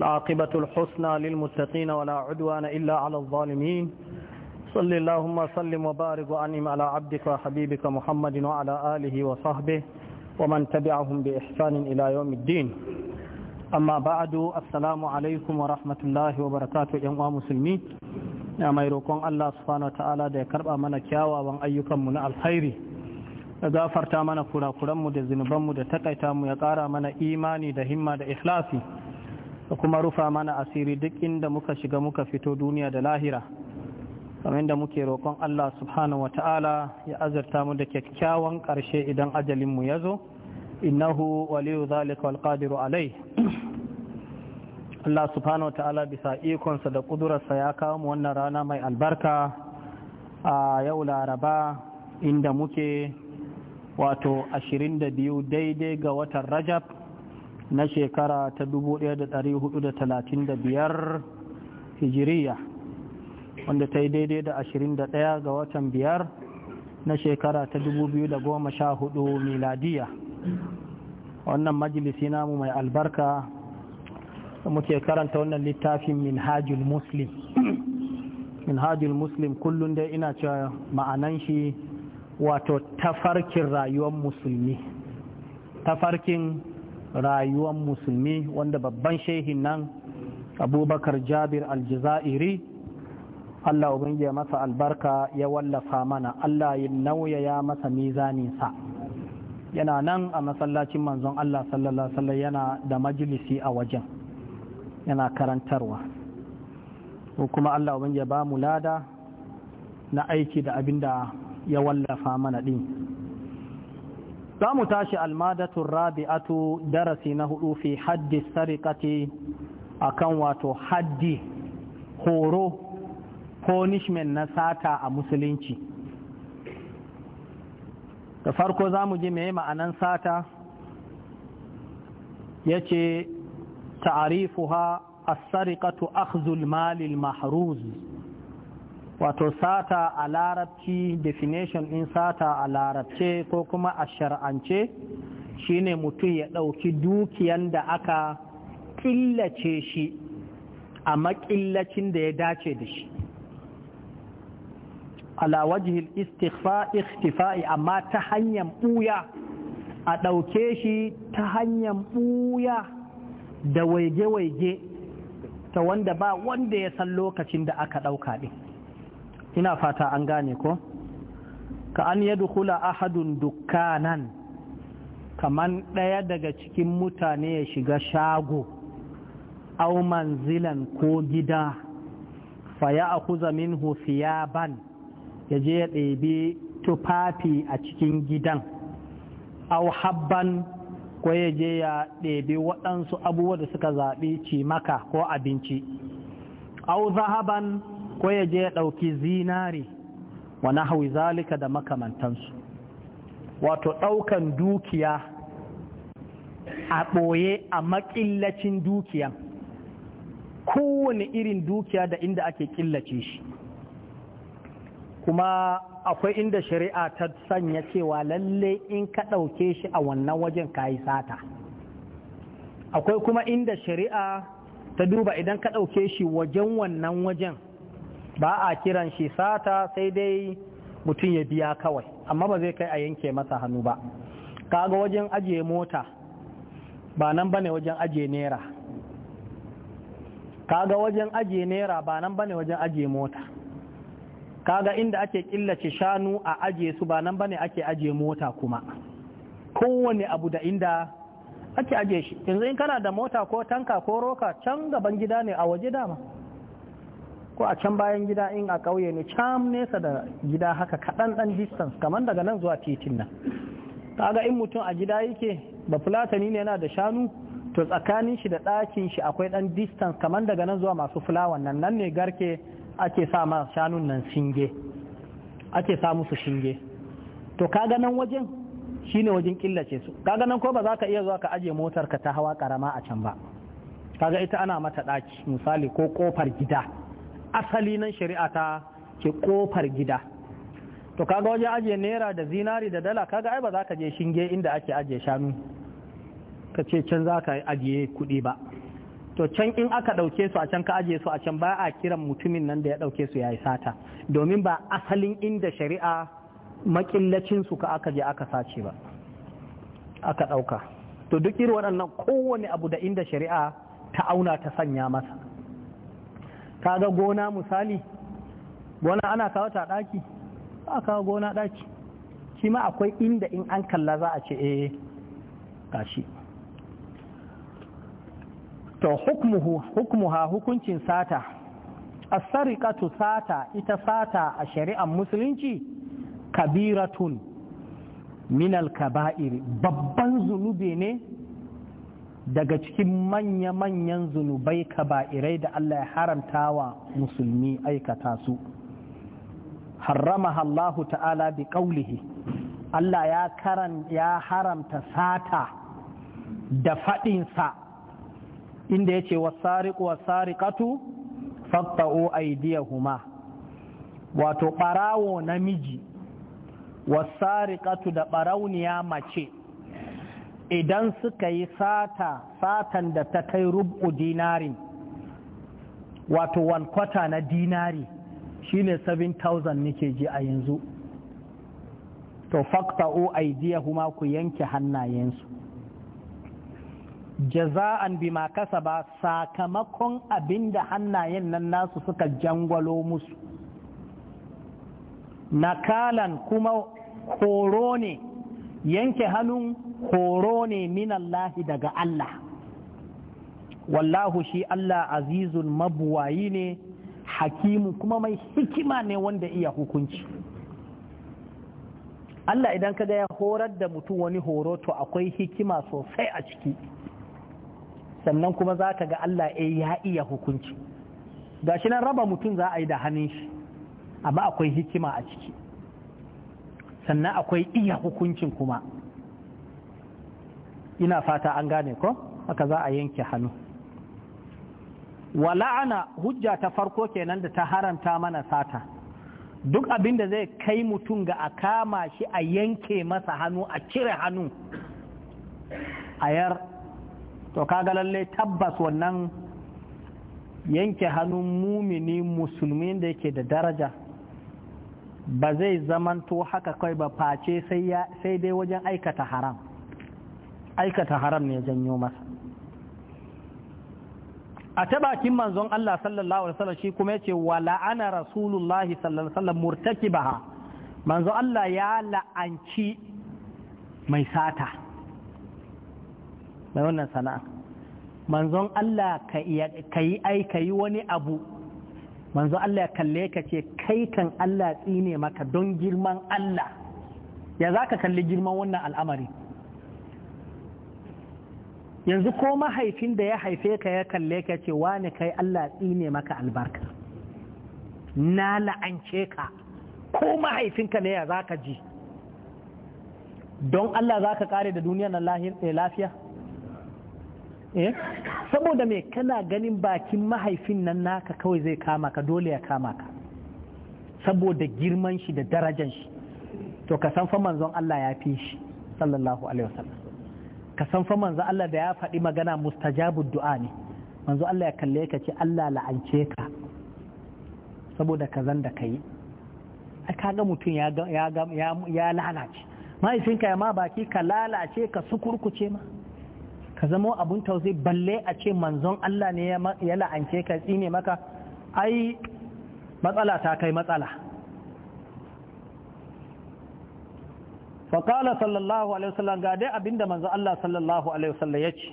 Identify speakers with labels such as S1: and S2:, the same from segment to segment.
S1: العاقبة الحسنى للمتقين ولا عدوان إلا على الظالمين صلى اللهم سلم وبارك وأنم على عبدك وحبيبك محمد وعلى آله وصحبه ومن تبعهم بإحسان إلى يوم الدين أما بعد السلام عليكم ورحمة الله وبركاته يا مسلمين يا ميروكم الله سبحانه وتعالى دي كرب أمنا كياوا وان أيكم من الخير gafarta mana kurakuranmu da zunubanmu da takaita mu ya ƙara mana imani da himma da Ka kuma rufa mana asiri duk inda muka shiga muka fito duniya da lahira kamar da muke roƙon Allah subhanahu wata'ala ya azurta mu da kyakkyawan ƙarshe idan ajalinmu ya zo innahu waliyu zalika wal qadiru alai Allah subhanahu wata'ala bisa ikonsa da ƙudurarsa ya kawo mu wannan rana mai albarka a yau laraba inda muke wato 22 daidai ga watan rajab na shekara ta 1435 hijiriya wanda ta yi daidai da 21 ga watan biyar na shekara ta 2014 miladiya wannan majalisi namu mai albarka muke karanta wannan littafin minhajul muslim minhajul muslim kullum dai ina cewa ma'anan shi wato tafarkin rayuwar musulmi tafarkin rayuwar musulmi wanda babban shehin nan abubakar jabir aljazairi Allah ubangi ya masa albarka ya wallafa mana Allah ya nauyaya masa mizaninsa yana nan a masallacin manzon Allah sallallahu yana da majalisi a wajen yana karantarwa ko kuma Allah ubangi ya ba mu lada na aiki da abin da ya wallafa mana din za mu tashi almadatun rabi'atu darasi na hudu fi haddi sarikati akan wato haddi horo punishment na sata a musulunci da farko za mu ji mai ma'anan sata ya ce ta'arifuha as-sarikatu akhzul malil mahruz wato sata a larabci definition in sata a larabce ko kuma a shar'ance shine mutum ya ɗauki dukiyan da aka killace shi a makillacin da ya dace da shi ala wajihil istifa'i amma ta hanyar ɓuya a ɗauke shi ta hanyar buya da waige-waige ta wanda ba wanda ya san lokacin da aka ɗauka ɗin ina fata an gane ko ka an hula ahadun dukkanan kaman ɗaya daga cikin mutane ya shiga shago au manzilan ko gida fa ya akuza minhu ban ya je ya ɗebi tufafi a cikin gidan au habban ko ya je ya ɗebi waɗansu abubuwa da suka zaɓi cimaka ko abinci au zahaban ko ya je ya ɗauki zinari wa na zalika da makamantansu wato ɗaukan dukiya a ɓoye a maƙillacin dukiya kowane irin dukiya da inda ake ƙillace shi kuma akwai inda shari'a ta sanya cewa lalle in ka ɗauke shi a wannan wajen ka yi sata akwai kuma inda shari'a ta duba idan ka ɗauke shi wajen wannan wajen ba a kiran shi sata sai dai mutum ya biya kawai amma ba zai kai a yanke masa hannu ba kaga wajen ajiye mota ba nan ba ne wajen ajiye naira kaga wajen ajiye naira ba nan ba ne wajen ajiye mota kaga inda ake killace shanu a ajiye su ba nan ba ne ake ajiye mota kuma kowane abu da inda ake ajiye shi yanzu in kana da mota ko tanka ko roka can gaban gida ne a waje dama ko a can bayan gida in a ƙauye ne cam nesa da gida haka kaɗan ɗan distance kamar daga nan zuwa titin nan kaga in mutum a gida yake ba fulatani ne yana da shanu to tsakanin shi da ɗakin shi akwai ɗan distance kamar daga nan zuwa masu fulawan nan nan ne garke ake sa ma shanun nan shinge ake sa musu shinge to kaga nan wajen shine wajen killace su kaga nan ko ba za ka iya zuwa ka aje motar ka ta hawa karama a can ba kaga ita ana mata ɗaki misali ko kofar gida asali nan shari'a ta ke kofar gida to kaga waje ajiye naira da zinari da dala kaga ai ba za ka je shinge inda ake ajiye shanu ka ce can za ka ajiye kuɗi ba to can in aka ɗauke su a can ka ajiye su a can ba a kiran mutumin nan da ya ɗauke su ya yi sata domin ba asalin inda shari'a makillacin su ka aka je aka sace ba aka ɗauka to duk irin waɗannan kowane abu da inda shari'a ta auna ta sanya masa kaga gona misali gona ana kawo ta ɗaki a kawo gona ɗaki shi ma akwai inda in an kalla za a ce eh gashi to hukmuhu hukmuha hukuncin sata as-sariqatu sata ita sata a shari'ar musulunci kabiratun al kaba'ir babban zunubi ne daga cikin manya-manyan zunubai kaba'irai da Allah ya haramta wa musulmi aikata su Harrama Allahu ta'ala bi ƙaulihi Allah ya karan ya haramta sata da faɗinsa inda yace a yi faqta'u huma. wato ɓarawo namiji wasariƙatu da ɓarauniya mace idan suka yi sata satan da ta kai rubu dinari wato one quarter na dinari shine 7000 nike ji a yanzu to fakta'u aidiyahuma ku yanke hannayensu jaza'an bima ba sakamakon abinda hannayen nan nasu suka jangwalo musu nakalan kuma horo ne yanke hannun horo ne minallahi daga Allah wallahu shi Allah azizul mabuwayi ne hakimu kuma mai hikima ne wanda iya hukunci Allah idan kaga ya horar da mutum wani horo to akwai hikima sosai a ciki sannan kuma za ka ga Allah e ya iya hukunci ga shi nan raba mutum za a yi da hannun shi amma akwai hikima a ciki sannan akwai iya hukuncin kuma ina fata an gane ko haka za a yanke hannu wala'ana ana hujja ta farko kenan da ta haramta mana sata duk abin da zai kai mutum ga a kama shi a yanke masa hannu a cire hannu a yar to kaga lalle tabbas wannan yanke hannun mumini musulmi da yake da daraja ba zai zamanto haka kai ba face sai dai wajen aikata haram aikata haram ne janyo masa a ta manzon Allah sallallahu alaihi wasallam shi kuma yace wa la'ana rasulullahi sallallahu alaihi wasallam murtakibaha manzon Allah ya la'anci mai sata mai wannan sana'a manzon Allah ka yi aikayi wani abu manzo Allah ya kalle ka ce kai kan Allah tsine maka don girman Allah ya za ka kalli girman wannan al'amari yanzu ko mahaifin da ya haife ka ya kalle ka ce wani kai Allah tsine maka albarka na la'ance ka ko mahaifinka ne ya zaka ji don Allah za ka kare da duniya na eh, lafiya eh saboda me kana ganin bakin mahaifin nan naka kawai zai kama ka dole ya kama ka saboda girman shi da darajan shi to ka san fa manzon Allah ya fi shi sallallahu alaihi wasallam ka san fa manzo Allah da ya faɗi magana mustajabud du'a ne manzo Allah ya kalle ka ce Allah la'ance ka saboda kazan da kai ai kaga mutum ya ya ya lalace mahaifinka ya ma baki ka lalace ka sukurkuce ma ka zama abun tausayi balle a ce manzon Allah ne ya la'ance ka tsine maka ai matsala ta kai matsala faƙala sallallahu alaihi wasallam ga dai abinda manzo Allah sallallahu alaihi wasallam ya ce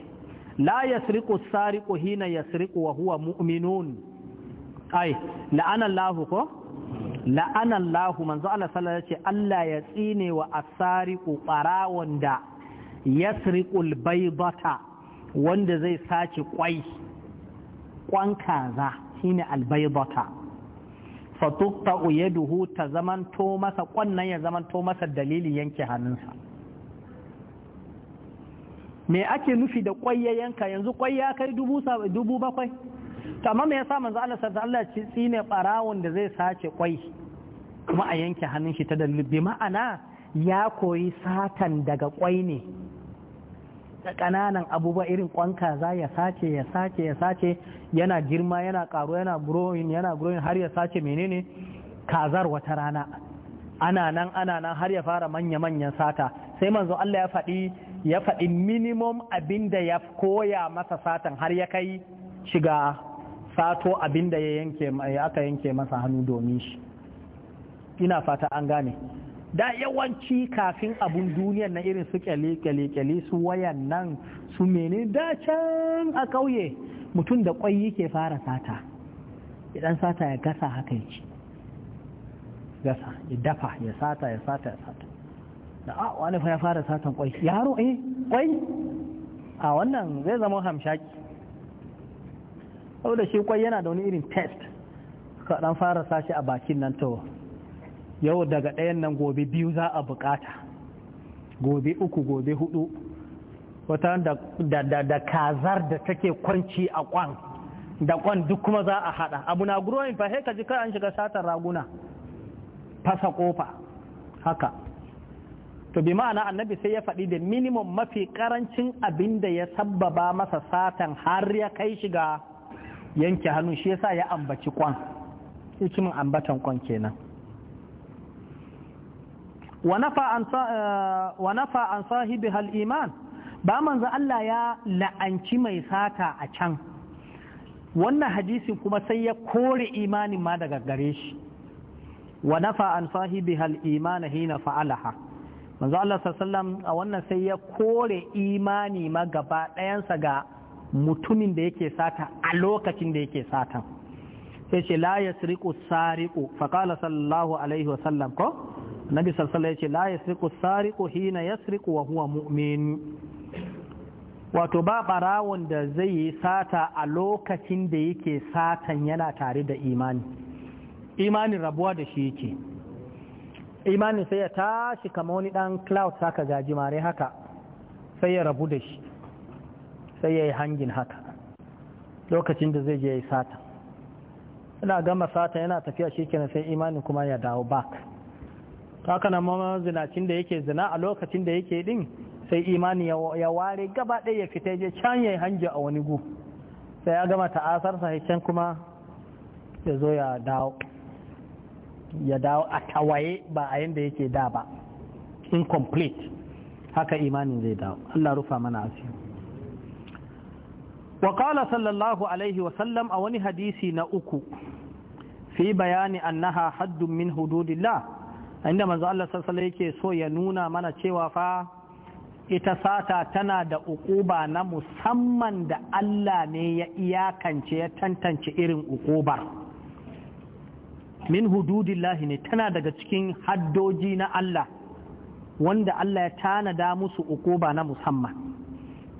S1: la yasriqu sariqu hina yasriqu wa huwa mu'minun ai la'ana Allah ko la'ana Allah manzo Allah sallallahu alaihi wasallam ya ce Allah ya tsine wa asariqu barawon da yasriqul baydata wanda zai sace kwai kwan kaza shine albaydata fatukta duhu ta zamanto masa kwannan ya zamanto masa dalilin yanke hannunsa me ake nufi da kwai yanka yanzu kwai ya kai dubu bakwai amma me yasa manzo Allah sallallahu Allah ci tsine barawon da zai sace kwai kuma a yanke hannun shi ta dalilin bi ma'ana ya koyi satan daga kwai ne ƙananan abubuwa irin ƙwanka za ya sace ya sace ya sace yana girma yana ƙaro yana growing yana growing har ya sace menene kazar wata rana ana nan ana nan har ya fara manya manyan sata sai manzo Allah ya faɗi ya faɗi minimum abinda ya koya masa satan har ya kai shiga sato abinda da ya yanke aka yanke masa hannu domin shi ina fata an gane da yawanci kafin abun duniyan na irin su kyale-kyale su wayan nan su mene da can a ƙauye mutum da ƙwai yake fara sata idan sata ya gasa haka ci gasa ya dafa ya sata ya sata ya sata da a ah, wani fa ya fara satan ƙwai yaro eh ƙwai a wannan zai zama hamshaki saboda shi ƙwai yana da wani irin test ka dan fara sashi a bakin nan to yau daga ɗayan nan gobe biyu za a bukata gobe uku gobe hudu wata da, da, da, kazar da take kwanci a kwan da kwan duk kuma za a hada abu na growing fa ka ji kai an shiga satar raguna fasa kofa haka to bi ma'ana annabi sai ya faɗi da minimum mafi karancin abin da ya sabbaba masa satan har ya kai shiga yanke hannu shi yasa ya ambaci kwan hikimin ambatan kwan kenan wa nafa an sahibi hal iman ba manzo Allah ya la'anci mai sata a can wannan hadisi kuma sai ya kore imanin ma daga gare shi wa nafa an sahibi hal iman hina fa'alaha manzo Allah sallallahu a wannan sai ya kore imani ma gaba ɗayansa ga mutumin da yake sata a lokacin da yake sata. sai ce la yasriqu sariqu faqala sallallahu alaihi wasallam ko nabi sallallahu ya ce la yasriqu sariqu hina yasriqu wa huwa mu'min wato ba barawon da zai yi sata a lokacin da yake satan yana tare da imani imanin rabuwa da shi yake imanin sai ya tashi kama wani dan cloud saka gajimare haka sai ya rabu da shi sai ya yi hangin haka lokacin da zai je ya yi sata yana gama sata yana tafiya shi kenan sai imanin kuma ya dawo back haka na ma zinacin da yake zina a lokacin da yake din sai imani ya ware gaba ɗaya fita je can ya hanji a wani gu sai ya gama ta'asar sai can kuma ya zo ya dawo ya dawo a tawaye ba a yanda yake da ba incomplete haka imanin zai dawo Allah rufa mana asiri wa kala sallallahu alaihi wa sallam a wani hadisi na uku fi bayani annaha haddun min hududillah inda manzo Allah sassala yake so ya nuna mana cewa fa ita sata tana da ukuba na musamman da Allah ne ya iyakance ya tantance irin ukubar min hududillahi ne tana daga cikin haddoji na Allah wanda Allah ya tanada musu ukuba na musamman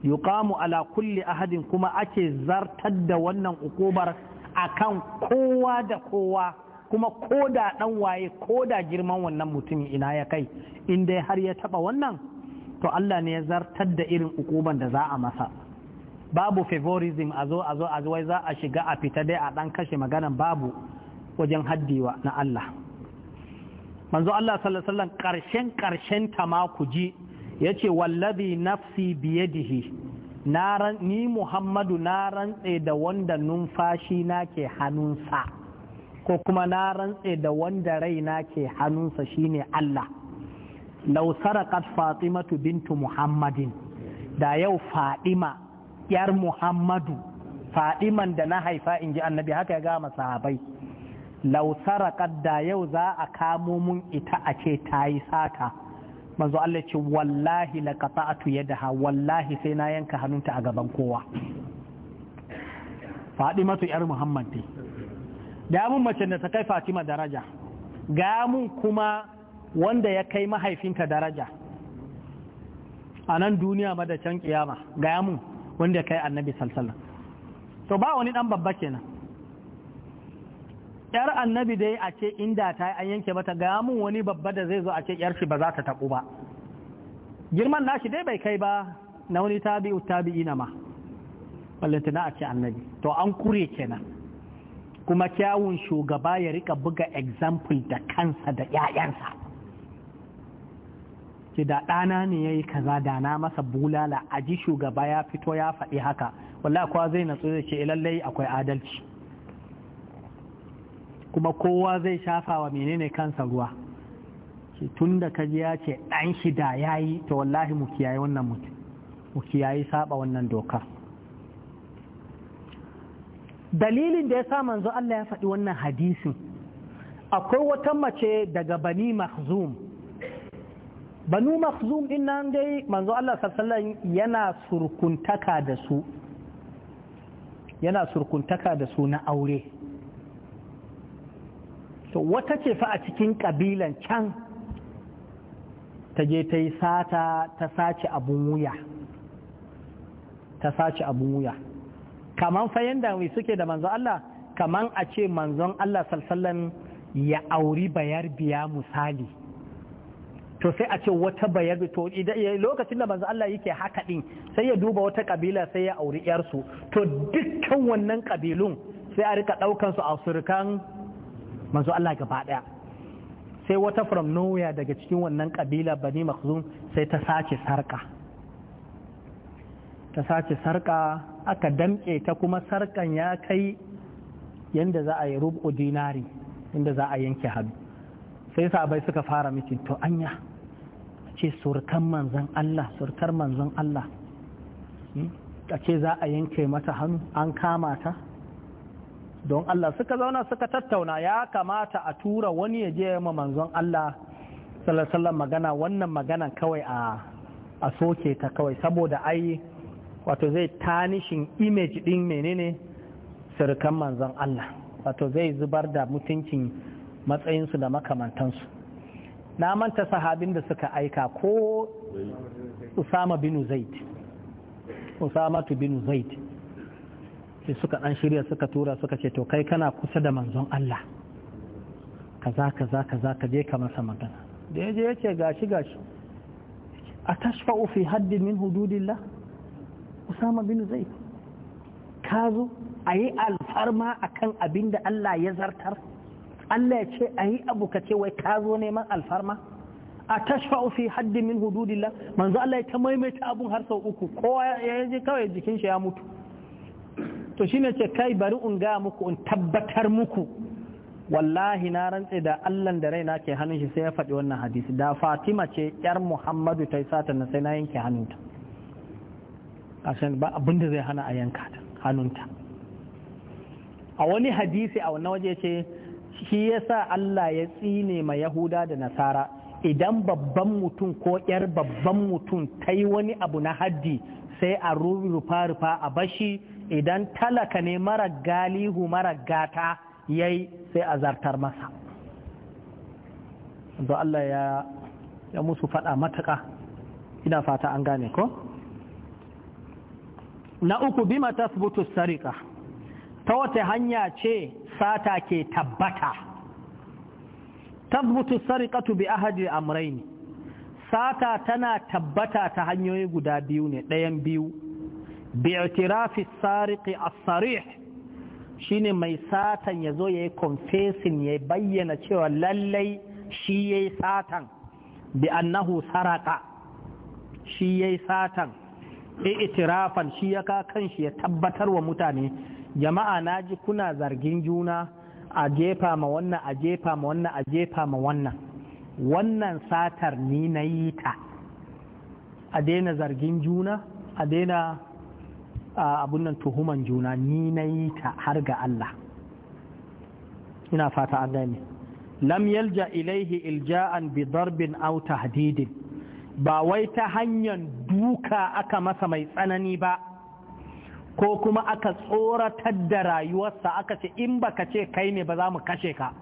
S1: yuqamu ala kulli ahadin kuma ake zartar da wannan ukubar akan kowa da kowa kuma ko da ɗan waye ko da girman wannan mutumin ina ya kai in dai har ya taɓa wannan to Allah ne ya zartar da irin ukuban da za a masa babu favorism a zo a zo a wai za a shiga a fita dai a ɗan kashe maganan babu wajen haddiwa na Allah manzo Allah sallallahu alaihi wasallam ƙarshen ƙarshen ta ma ku ji yace wallazi nafsi biyadihi ni Muhammadu na rantse da wanda numfashi na ke hannunsa ko kuma na rantse da wanda raina ke hannunsa shine Allah law saraqat fatimatu bintu muhammadin da yau fadima yar muhammadu fadiman da na haifa in ji annabi haka ya gama sahabai lausara saraqat da yau za a kamo mun ita a ce yi sata manzo Allah ce wallahi laqata'tu yadaha wallahi sai na yanka hannunta a gaban kowa fadimatu yar muhammadin gamun mace da ta kai fatima daraja gamun kuma wanda ya kai mahaifinka daraja a nan duniya ma da can kiyama gamun wanda ya kai annabi sallallahu to ba wani dan babba kenan yar annabi dai a ce inda ta yi an yanke mata gamun wani babba da zai zo a ce yar shi ba za ta tabu ba girman nashi dai bai kai ba na wani tabi'u tabi'ina ma na a ce annabi to an kure kenan kuma kyawun shugaba ya rika buga example da kansa da 'ya'yansa ki da ɗana ne ya yi kaza da na masa bulala a ji shugaba ya fito ya faɗi haka wallah kowa zai natsu da ce eh, lallai akwai adalci kuma kowa zai shafa wa menene kansa ruwa tun da kaji ya ce ɗan shi da ya yi to wallahi mu kiyaye wannan mutum mu kiyaye saba wannan dokar dalilin da ya sa manzo Allah ya faɗi wannan hadisin akwai wata mace daga bani mahzum banu mahzum din nan dai manzo Allah sallallahu yana surkuntaka da su yana surkuntaka da su na aure to wata ce fa a cikin kabilan can ta je ta yi sata ta sace abun wuya ta sace abun wuya kaman fa yanda suke da manzon Allah kaman a ce manzon Allah sallallahu ya auri bayar biya misali to sai a ce wata bayar to lokacin da manzo Allah yake haka din sai ya duba wata kabila sai ya auri yar su to dukkan wannan kabilun sai a rika daukan su a surukan manzo Allah gaba daya sai wata from nowhere daga cikin wannan kabila bani makhzum sai ta sace sarka ta sace sarƙa aka damƙe ta kuma sarkan ya kai yadda za a yi rubu dinari inda za a yanke hannu sai sahabai suka fara miki to anya a ce surkan manzon Allah surkar manzan Allah hmm? a ce za a yanke mata hannu an kama ta don Allah suka zauna suka tattauna ya kamata a tura wani ya je ma manzon Allah sallallahu magana wannan magana kawai a soke ta kawai saboda ai wato zai tanishin image din menene surukan manzon Allah wato zai zubar da mutuncin matsayinsu da makamantansu na manta sahabin da suka aika ko usama binu zaid usama binu zaid sai suka dan shirya suka tura suka ce to kai kana kusa da manzon Allah kaza kaza kaza ka je ka masa magana da yaje yace gashi gashi atashfa'u fi haddin min hududillah usama bin zaid ka zo a yi alfarma a kan abin da Allah ya zartar Allah ya ce a yi abu ka ce wai ka zo neman alfarma a tashfa'u fi haddi min hududillah manzo Allah ya ta maimaita abun har sau uku kowa ya je kawai jikin shi ya mutu to shi ne ce kai bari in ga muku in tabbatar muku wallahi na rantse da Allah da raina ke hannun shi sai ya faɗi wannan hadisi da Fatima ce yar Muhammadu ta yi sata na sai na yanke hannunta a san ba abinda zai hana a yanka ta hannunta a wani hadisi a wannan waje ce shi yasa Allah ya tsine ma Yahuda da Nasara idan babban mutum ko ‘yar babban mutum ta yi wani abu na haddi sai a rufa rufa a bashi idan talaka ne mara galihu mara gata ya yi sai a zartar masa. Allah ya musu faɗa mataka ina fata an gane ko? na uku bima tasbutu sarika ta wata hanya ce sata ke tabbata tasbutu tu bi ahadi amraini sata tana tabbata ta hanyoyi guda biyu ne ɗayan biyu bi itirafi sariki a sarih shine mai satan ya zo ya yi confessing ya bayyana cewa lallai shi ya yi satan bi annahu saraka shi ya yi satan itirafan shi ya ka kanshi ya tabbatar wa mutane jama'a na ji kuna zargin juna a jefa ma wannan a jefa ma wannan a jefa ma wannan wannan satar ni na yi ta a daina zargin juna a daina abun nan tuhuman juna ni na yi ta har ga Allah ina fata an gane lam yalja ilaihi ilja'an bi darbin aw tahdidin ba wai ta hanyar duka aka masa mai tsanani ba ko kuma aka tsoratar da rayuwarsa aka ce in ba ka ce kai ne ba za mu kashe ka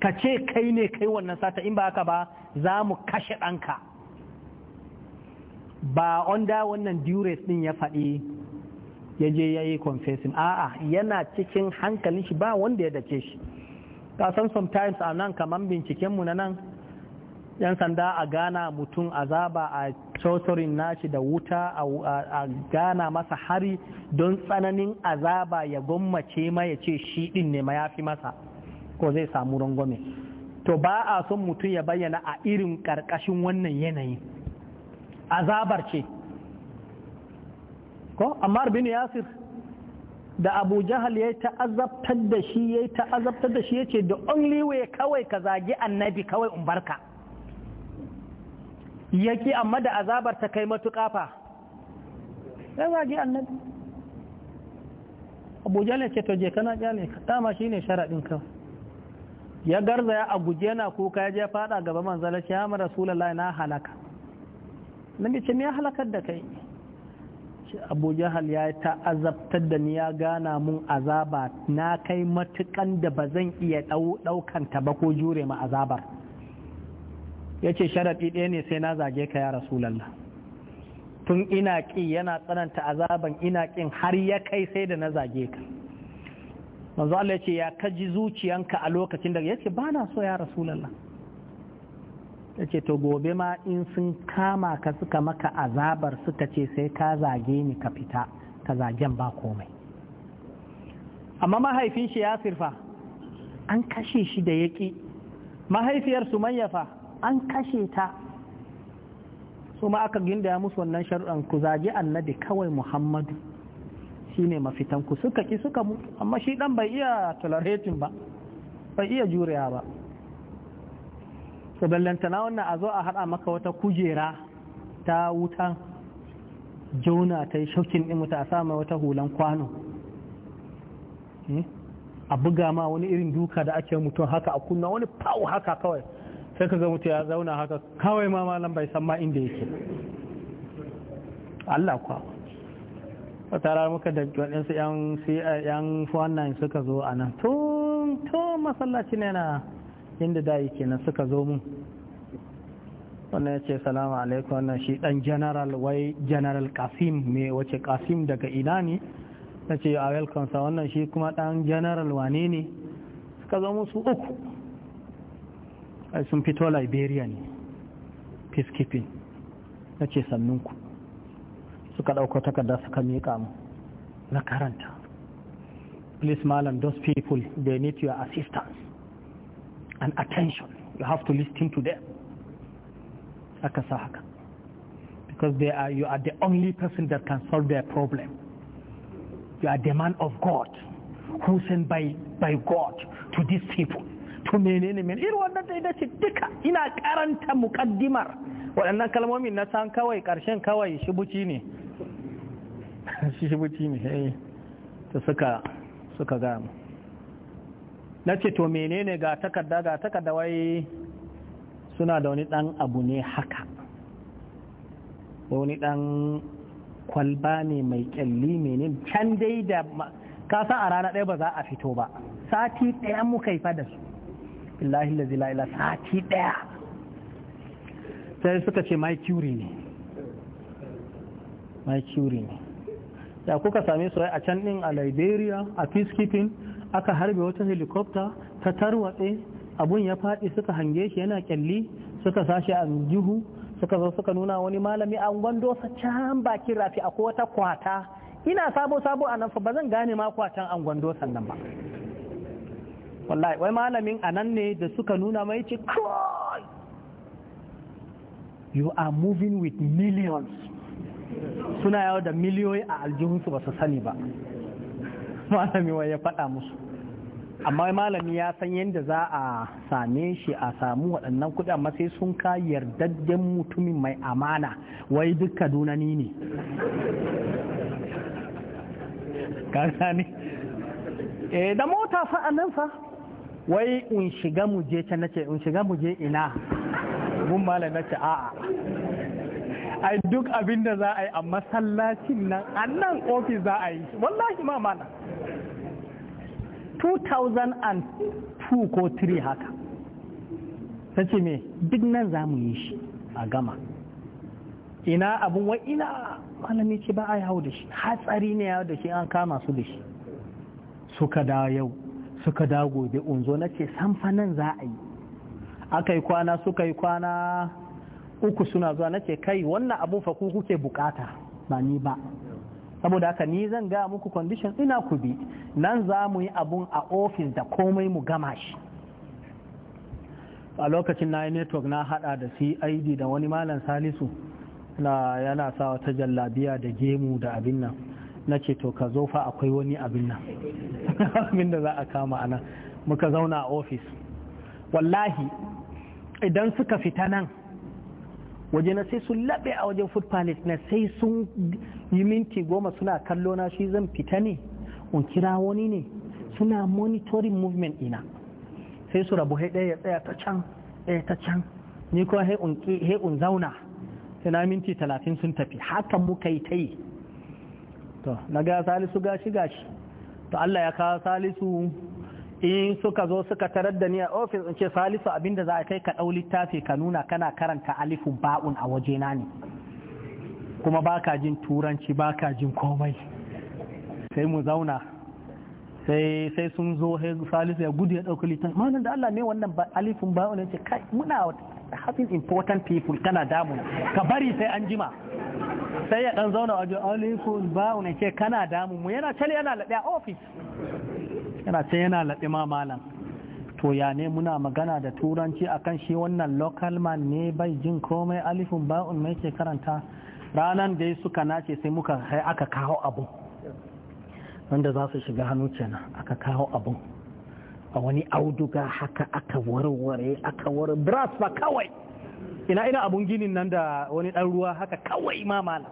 S1: ka ce kai ne kai wannan sata in ba haka ba za mu kashe ɗanka ba onda wannan dures ɗin ya faɗi ya je ya yi confessing a'a yana cikin hankalin shi ba wanda ya dace shi san sometimes a nan kamar bincikenmu na nan yan sanda a gana mutum azaba a cotorin nashi da wuta a gana masa hari don tsananin azaba ya gwammace ma ya ce shi din ne ma ya fi masa ko zai samu rangwame to ba a son mutum ya bayyana a irin karkashin wannan yanayin azabar ce ko ammar bin yasir da abu jahal ya ta'azabtar da shi ya ta'azabtar da shi ya ce the only way kawai ka zagi annabi kawai umbarka yaki amma da azabar ta kai matuƙa fa ya zagi annabi abu jale ce to je kana jale ka shi ne sharaɗin ka ya garzaya a guje yana kuka ya je fada gaba manzala ce ya mara lai na halaka nabi ce me ya halakar da kai ce abu jahal ya ta azabtar da ni ya gana mun azaba na kai matukan da ba zan iya ɗaukanta ba ko jure ma azabar ya ce sharaɗi ɗaya ne sai na zage ka ya rasulallah tun ina ƙi yana tsananta azaban ina ƙin har ya kai sai da na zage ka manzo Allah ya ce ya kaji zuciyanka a lokacin da ya ce ba na so ya rasulallah ya ce to gobe ma in sun kama ka suka maka azabar suka ce sai ka zage ni ka fita ka zagen ba komai amma mahaifin shi ya sirfa an kashe shi da yaƙi mahaifiyar su fa an kashe ta su ma aka gindaya musu wannan sharuɗan ku zagi annabi kawai muhammadu shine mafitan ku suka ki suka mutu amma shi dan bai iya tolerating ba bai iya juriya ba to ballantana wannan a zo a haɗa maka wata kujera ta wutan jona ta yi shaukin ɗin wuta a samun wata hulan kwano hmm? a buga ma wani irin duka da ake mutum haka a kunna wani pawo haka kawai sai ka ga mutu ya zauna haka kawai ma malam bai san ma inda yake Allah kwa wata rana muka da waɗansu yan yan wannan suka zo a nan
S2: tun
S1: tun masallaci ne na inda da yake nan suka zo mu. wannan ya ce salamu alaikum wannan shi dan general wai general kasim mai wace kasim daga ina ne na ce a welcome sa wannan shi kuma dan general wane ne suka zo musu uku Uh, sun fito liberia ne peacekeeping na ce sannunku suka ɗauko takarda suka miƙa mu na karanta please malam those people they need your assistance and attention you have to listen to them aka sa haka because they are you are the only person that can solve their problem you are the man of God who sent by by God to these people to menene men irin wannan da ita ce duka ina karanta mukaddimar waɗannan kalmomi na san kawai ƙarshen kawai shibuci ne shibuci ne eh. ta suka suka gamu na ce to menene ga takarda ga takarda wai suna da wani ɗan abu ne haka wani ɗan kwalba ne mai kyalli menene can dai da kasa a rana ɗaya ba za a fito ba sati ɗaya muka yi fa da su billahi lazi la sati daya sai suka ce mai kyuri ne mai kyuri ne da kuka same su a can din a liberia a peacekeeping aka harbe wata helicopter ta tarwatse abun ya faɗi suka hange shi yana kyalli suka sashi a jihu suka zo suka nuna wani malami an gwando sa can bakin rafi akwai wata kwata ina sabo sabo a nan fa ba zan gane ma kwatan an gwando sannan ba wallahi wai malamin anan ne da suka nuna mai ce kawai you are moving with millions suna yawo da miliyoyi a aljihunsu ba su sani ba malami wai ya faɗa musu amma wai malami ya san yadda za a same shi a samu waɗannan kuɗi amma sai sun ka yardajjen mutumin mai amana wai duk kaduna ni ne ne eh, da mota sa'an nan fa wai in shiga mu je can nace in shiga mu ina mun mala nace a'a ai duk abin za a yi a masallacin nan a nan ofis za a yi wallahi ma mana 2002 ko 3 haka ta ce me duk nan za mu yi shi a gama ina abin wa ina malami ce ba a hau da shi hatsari ne yawo da shi an kama su da shi suka dawo yau suka dawo gobe unzo na ce samfanan za a yi aka yi kwana suka yi kwana uku suna zuwa na ce kai wannan abun fa ku kuke bukata ba ni ba saboda haka ni zan ga muku condition ina ku bi nan za mu yi abun a ofis da komai mu gama shi a lokacin na yi network na hada da cid da wani malam salisu na yana sawa ta jallabiya da gemu da abin nan na ce to ka zo fa akwai wani abin nan abin da za a kama a nan muka zauna a ofis wallahi idan suka fita nan waje na sai sun laɓe a wajen food palace na sai sun yi minti goma suna kallo na shi zan fita ne un kira wani ne suna monitoring movement ina sai su rabu ɗaya ya tsaya ta can ɗaya ta can ni kuma he un zauna sai na minti talatin sun tafi hakan muka yi ta yi to na ga salisu gashi gashi to Allah ya kawo salisu in suka zo suka tarar da ni a ofis in ce salisu abinda za a kai ka ɗau littafi ka nuna kana karanta alifun ba'un a wajena ne kuma baka jin turanci baka jin komai sai mu zauna sai sai sun zo salisu ya gudu ya ɗauki littafi malam da Allah ne wannan alifun ba'un ya ce kai muna hafin important people kana damu ka bari sai an jima sai ya dan zauna wajen alikun ba ne ce kana damu mu yana cale yana laɗe a ofis yana ce yana laɗe ma malam to ya ne muna magana da turanci akan shi wannan local man ne bai jin komai alifun ba'un mai ke karanta ranar da suka nace sai muka sai aka kawo abu wanda za su shiga hannu kenan aka kawo abu a wani auduga haka aka warware aka warware brass ba kawai ina ina abun ginin nan da wani ɗan ruwa haka kawai ma malam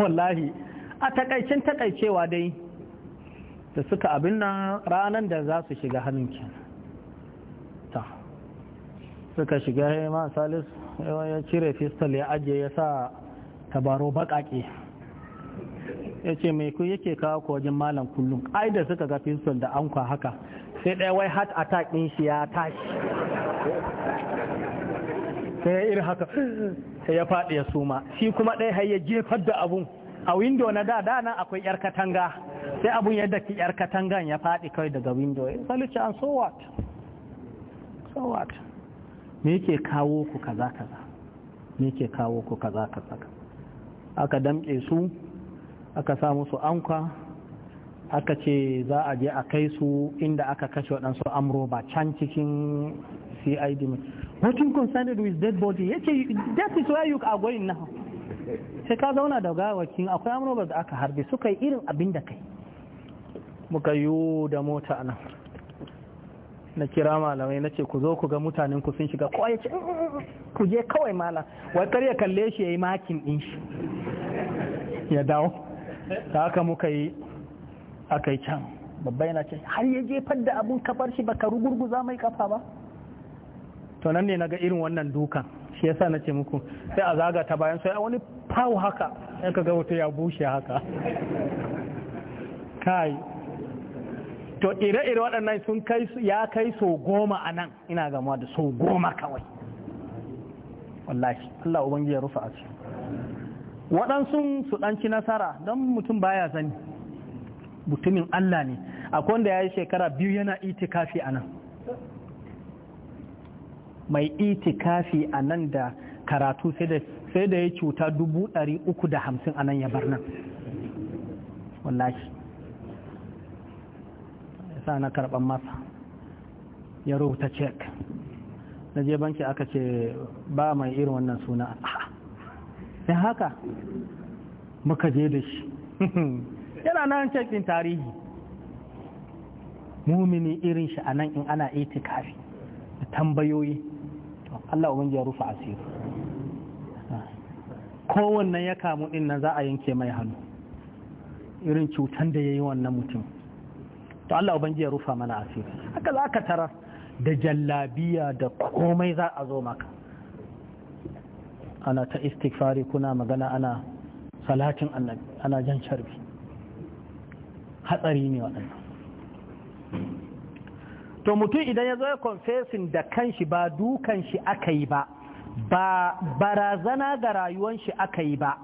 S1: wallahi a takaicin takaicewa dai da suka abin nan ranar da za su shiga hannun kenan ta suka shiga eh, ma salis eh, ya cire fistol ya ajiye ya sa tabaro bakake ya ce mai ku yake kawo ku malam kullum ai da suka ga fistol da anka haka sai ɗaya wai hat attack ɗin shi ya tashi sai ya iri haka sai ya faɗi ya suma shi kuma ɗaya har ya jefar da abun a windo na da da nan akwai yar katanga sai abun yadda ki yar katangan ya faɗi kawai daga windo ya salice an so what so what me yake kawo ku kaza kaza me yake kawo ku kaza kaza aka damƙe su aka sa musu anka aka ce za a je a kai su inda aka kashe waɗansu amro ba can cikin cid nothing concerned with dead body ya ce that is where you are going now sai ka zauna da gawakin akwai amurba da aka harbe suka yi irin abin da kai muka yi da mota nan na kira malamai na ce ku zo ku ga mutanen ku sun shiga ko
S2: ya mm, mm, mm,
S1: ku je kawai mala wai kar ya kalle shi ya yi makin din
S2: shi ya
S1: dawo da haka muka yi aka yi can babba yana ce har ya jefar da abun kafar shi baka rugurguza mai kafa ba to nan ne naga irin wannan dukan shi yasa na ce muku sai a zaga ta bayan sai wani fawo haka sai ka ga wata ya bushe haka kai to ire-ire waɗannan sun kai ya kai so goma a nan ina gama da so goma kawai wallahi Allah ubangiji ya rufa asiri waɗansu su ɗanci nasara don mutum baya sani mutumin Allah ne akwai wanda ya yi shekara biyu yana itikafi a nan mai itikafi a nan da karatu sai da ya cuta dubu ɗari uku da hamsin a nan ya bar nan wallahi sa na karɓar masa ya rubuta cek na je banki aka ce ba mai irin wannan suna sai haka muka je da shi yana nan cek ɗin tarihi mumini irin shi a nan in ana itikafi tambayoyi Allah ubangiji ya rufa asiri kowanne ya kamu din nan za a yanke mai hannu irin cutan da ya yi wannan mutum to Allah ubangiji ya rufa mana asiri haka za ka tarar da jallabiya da komai za a zo maka ana ta istighfari kuna magana ana salatin annabi ana jan charbi hatsari ne waɗannan to mutum idan ya zo ya confessing da kanshi ba dukan shi aka yi ba ba barazana ga rayuwan shi aka yi ba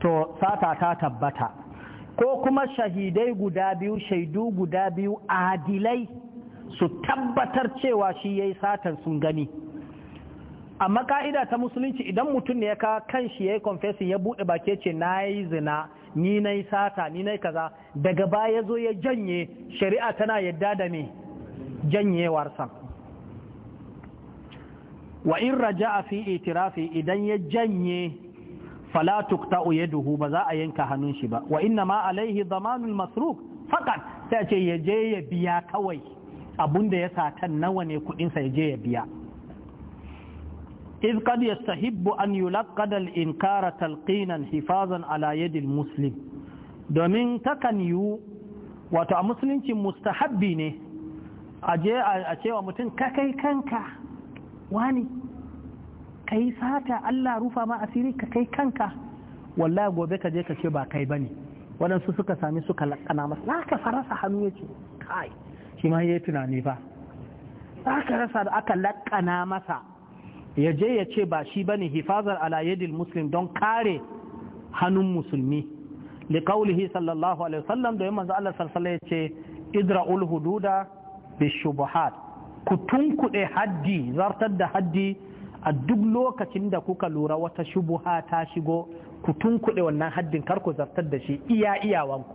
S1: to sata ta tabbata ko kuma shahidai guda biyu shaidu guda biyu adilai su tabbatar cewa shi ya yi satan sun gani amma ka'ida ta musulunci idan mutum ne ya ka kanshi shi ya yi confessing ya buɗe ke ce na yi zina ni na yi sata ni na yi kaza daga baya zo ya janye shari'a tana yadda da me sa wa in a fi itirafi idan ya janye ta tuqta'u duhu ba za a yanka hannun shi ba wa inna ma alaihi zamanul masruk faqat sai ce ya je ya biya kawai abunda ya satan nawa ne kuɗinsa ya je ya biya إذ قد يستحب أن يلقد الإنكار تلقينا حفاظا على يد المسلم domin takan yiwu wato a musulunci mustahabbi ne a je a cewa mutum ka kai kanka wani ka yi sata Allah rufa ma asiri ka kai kanka wallahi gobe ka je ka ce ba kai bane waɗansu suka sami suka lakana masa za ka farasa hannu ya ce kai shi ma yi tunani ba za ka rasa da aka lakana masa ya je ya ce ba shi bane hifazar ala muslim don kare hannun musulmi liqaulihi sallallahu alaihi wasallam da yamma Allah sallallahu alaihi wasallam ya ce idra'ul hududa bishubuhat ku tunkuɗe haddi zartar da haddi a duk lokacin da kuka lura wata shubuha ta shigo ku tunkuɗe wannan haddin kar ku zartar da shi iya iyawanku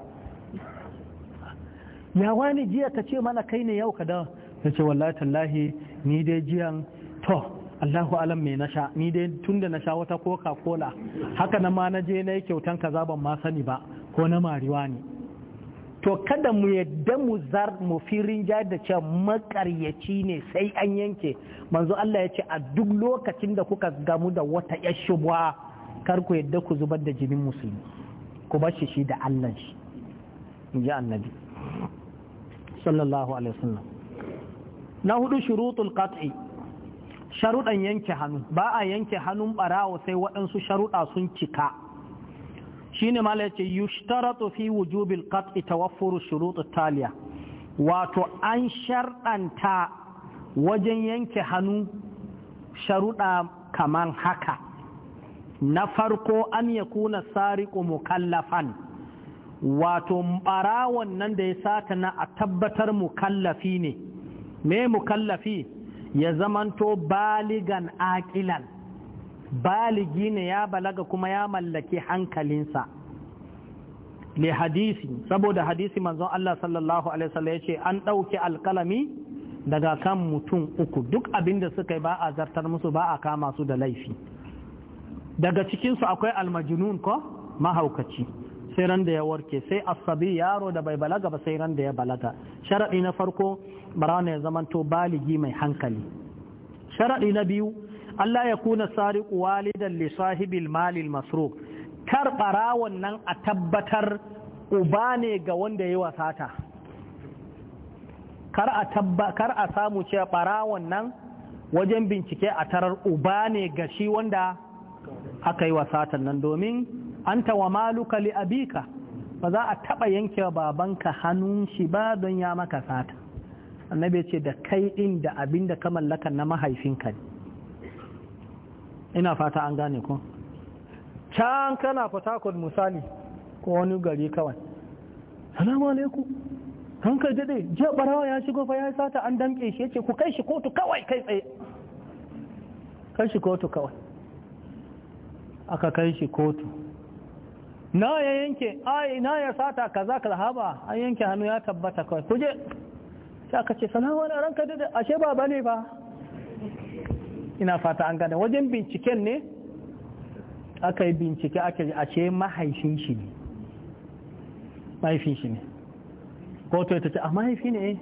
S1: ya wani jiya ta ce mana kai ne yau ka da ya ce wallahi tallahi ni dai jiyan to Allahu alam mai nasha ni dai tun da nasha wata coca cola haka na ma na je na yi kyautan kaza ban ma sani ba ko na mariwa ne to kada mu yadda mu zar mu firin da cewa makaryaci ne sai an yanke manzo Allah ya ce a duk lokacin da kuka gamu da wata yar shubwa kar ku yadda ku zubar da jinin musulmi ku bar shi shi da Allah shi in ji annabi sallallahu alaihi wasallam na hudu shurutul qat'i sharuɗan yanke hannu ba a yanke hannun barawo sai waɗansu sharuɗa sun cika shine mala yace yushtaratu fi wujubil qat'i tawaffuru shurut taliya wato an sharɗanta wajen yanke hannu sharuɗa kamar haka na farko an ya kuna sariƙu mukallafan wato ɓarawon nan da ya sata na a tabbatar mukallafi ne me mukallafi ya zamanto baligan aƙilan baligi ne ya balaga kuma ya mallaki hankalinsa Le hadisi saboda hadisi manzon Allah sallallahu alaihi wasallam yace an dauke alkalami daga kan mutum uku duk abinda da suka yi ba a zartar musu ba a kama su da laifi daga cikin su akwai almajinun ko mahaukaci sai ran da ya warke sai asabi yaro da bai balaga ba sai ran da ya balaga sharaɗi na farko barana ya zamanto baligi mai hankali sharaɗi na biyu Allah ya kuna sariqu walidan li sahibil malil masruq kar wannan nan a tabbatar uba ne ga wanda ya wasata kar a kar a samu cewa barawon nan wajen bincike a tarar uba ne ga shi wanda aka yi wasatan nan domin an wa maluka li abika ba za a taɓa yanke babanka hannun shi ba don ya maka sata annabi ce da kai din da abinda ka mallaka na mahaifinka ne ina fata an gane ku can kana fatakod misali ko wani gari kawai salamu alaikum hankali kai dade jiya barawa ya shigo fa ya sata an damke shi yace ku kai shi kotu kawai kai tsaye kai shi kotu kawai aka kai shi kotu na ya yanke ai na ya sata kaza kaza haba an yanke hannu ya tabbata kawai kuje sai aka ce salamu alaikum ranka dade ashe ba bane ba ina fata an gane wajen binciken ne aka yi bincike aka yi ashe mahaifin shi ne mahaifin shi ne ko to ta ce a ah, mahaifi ne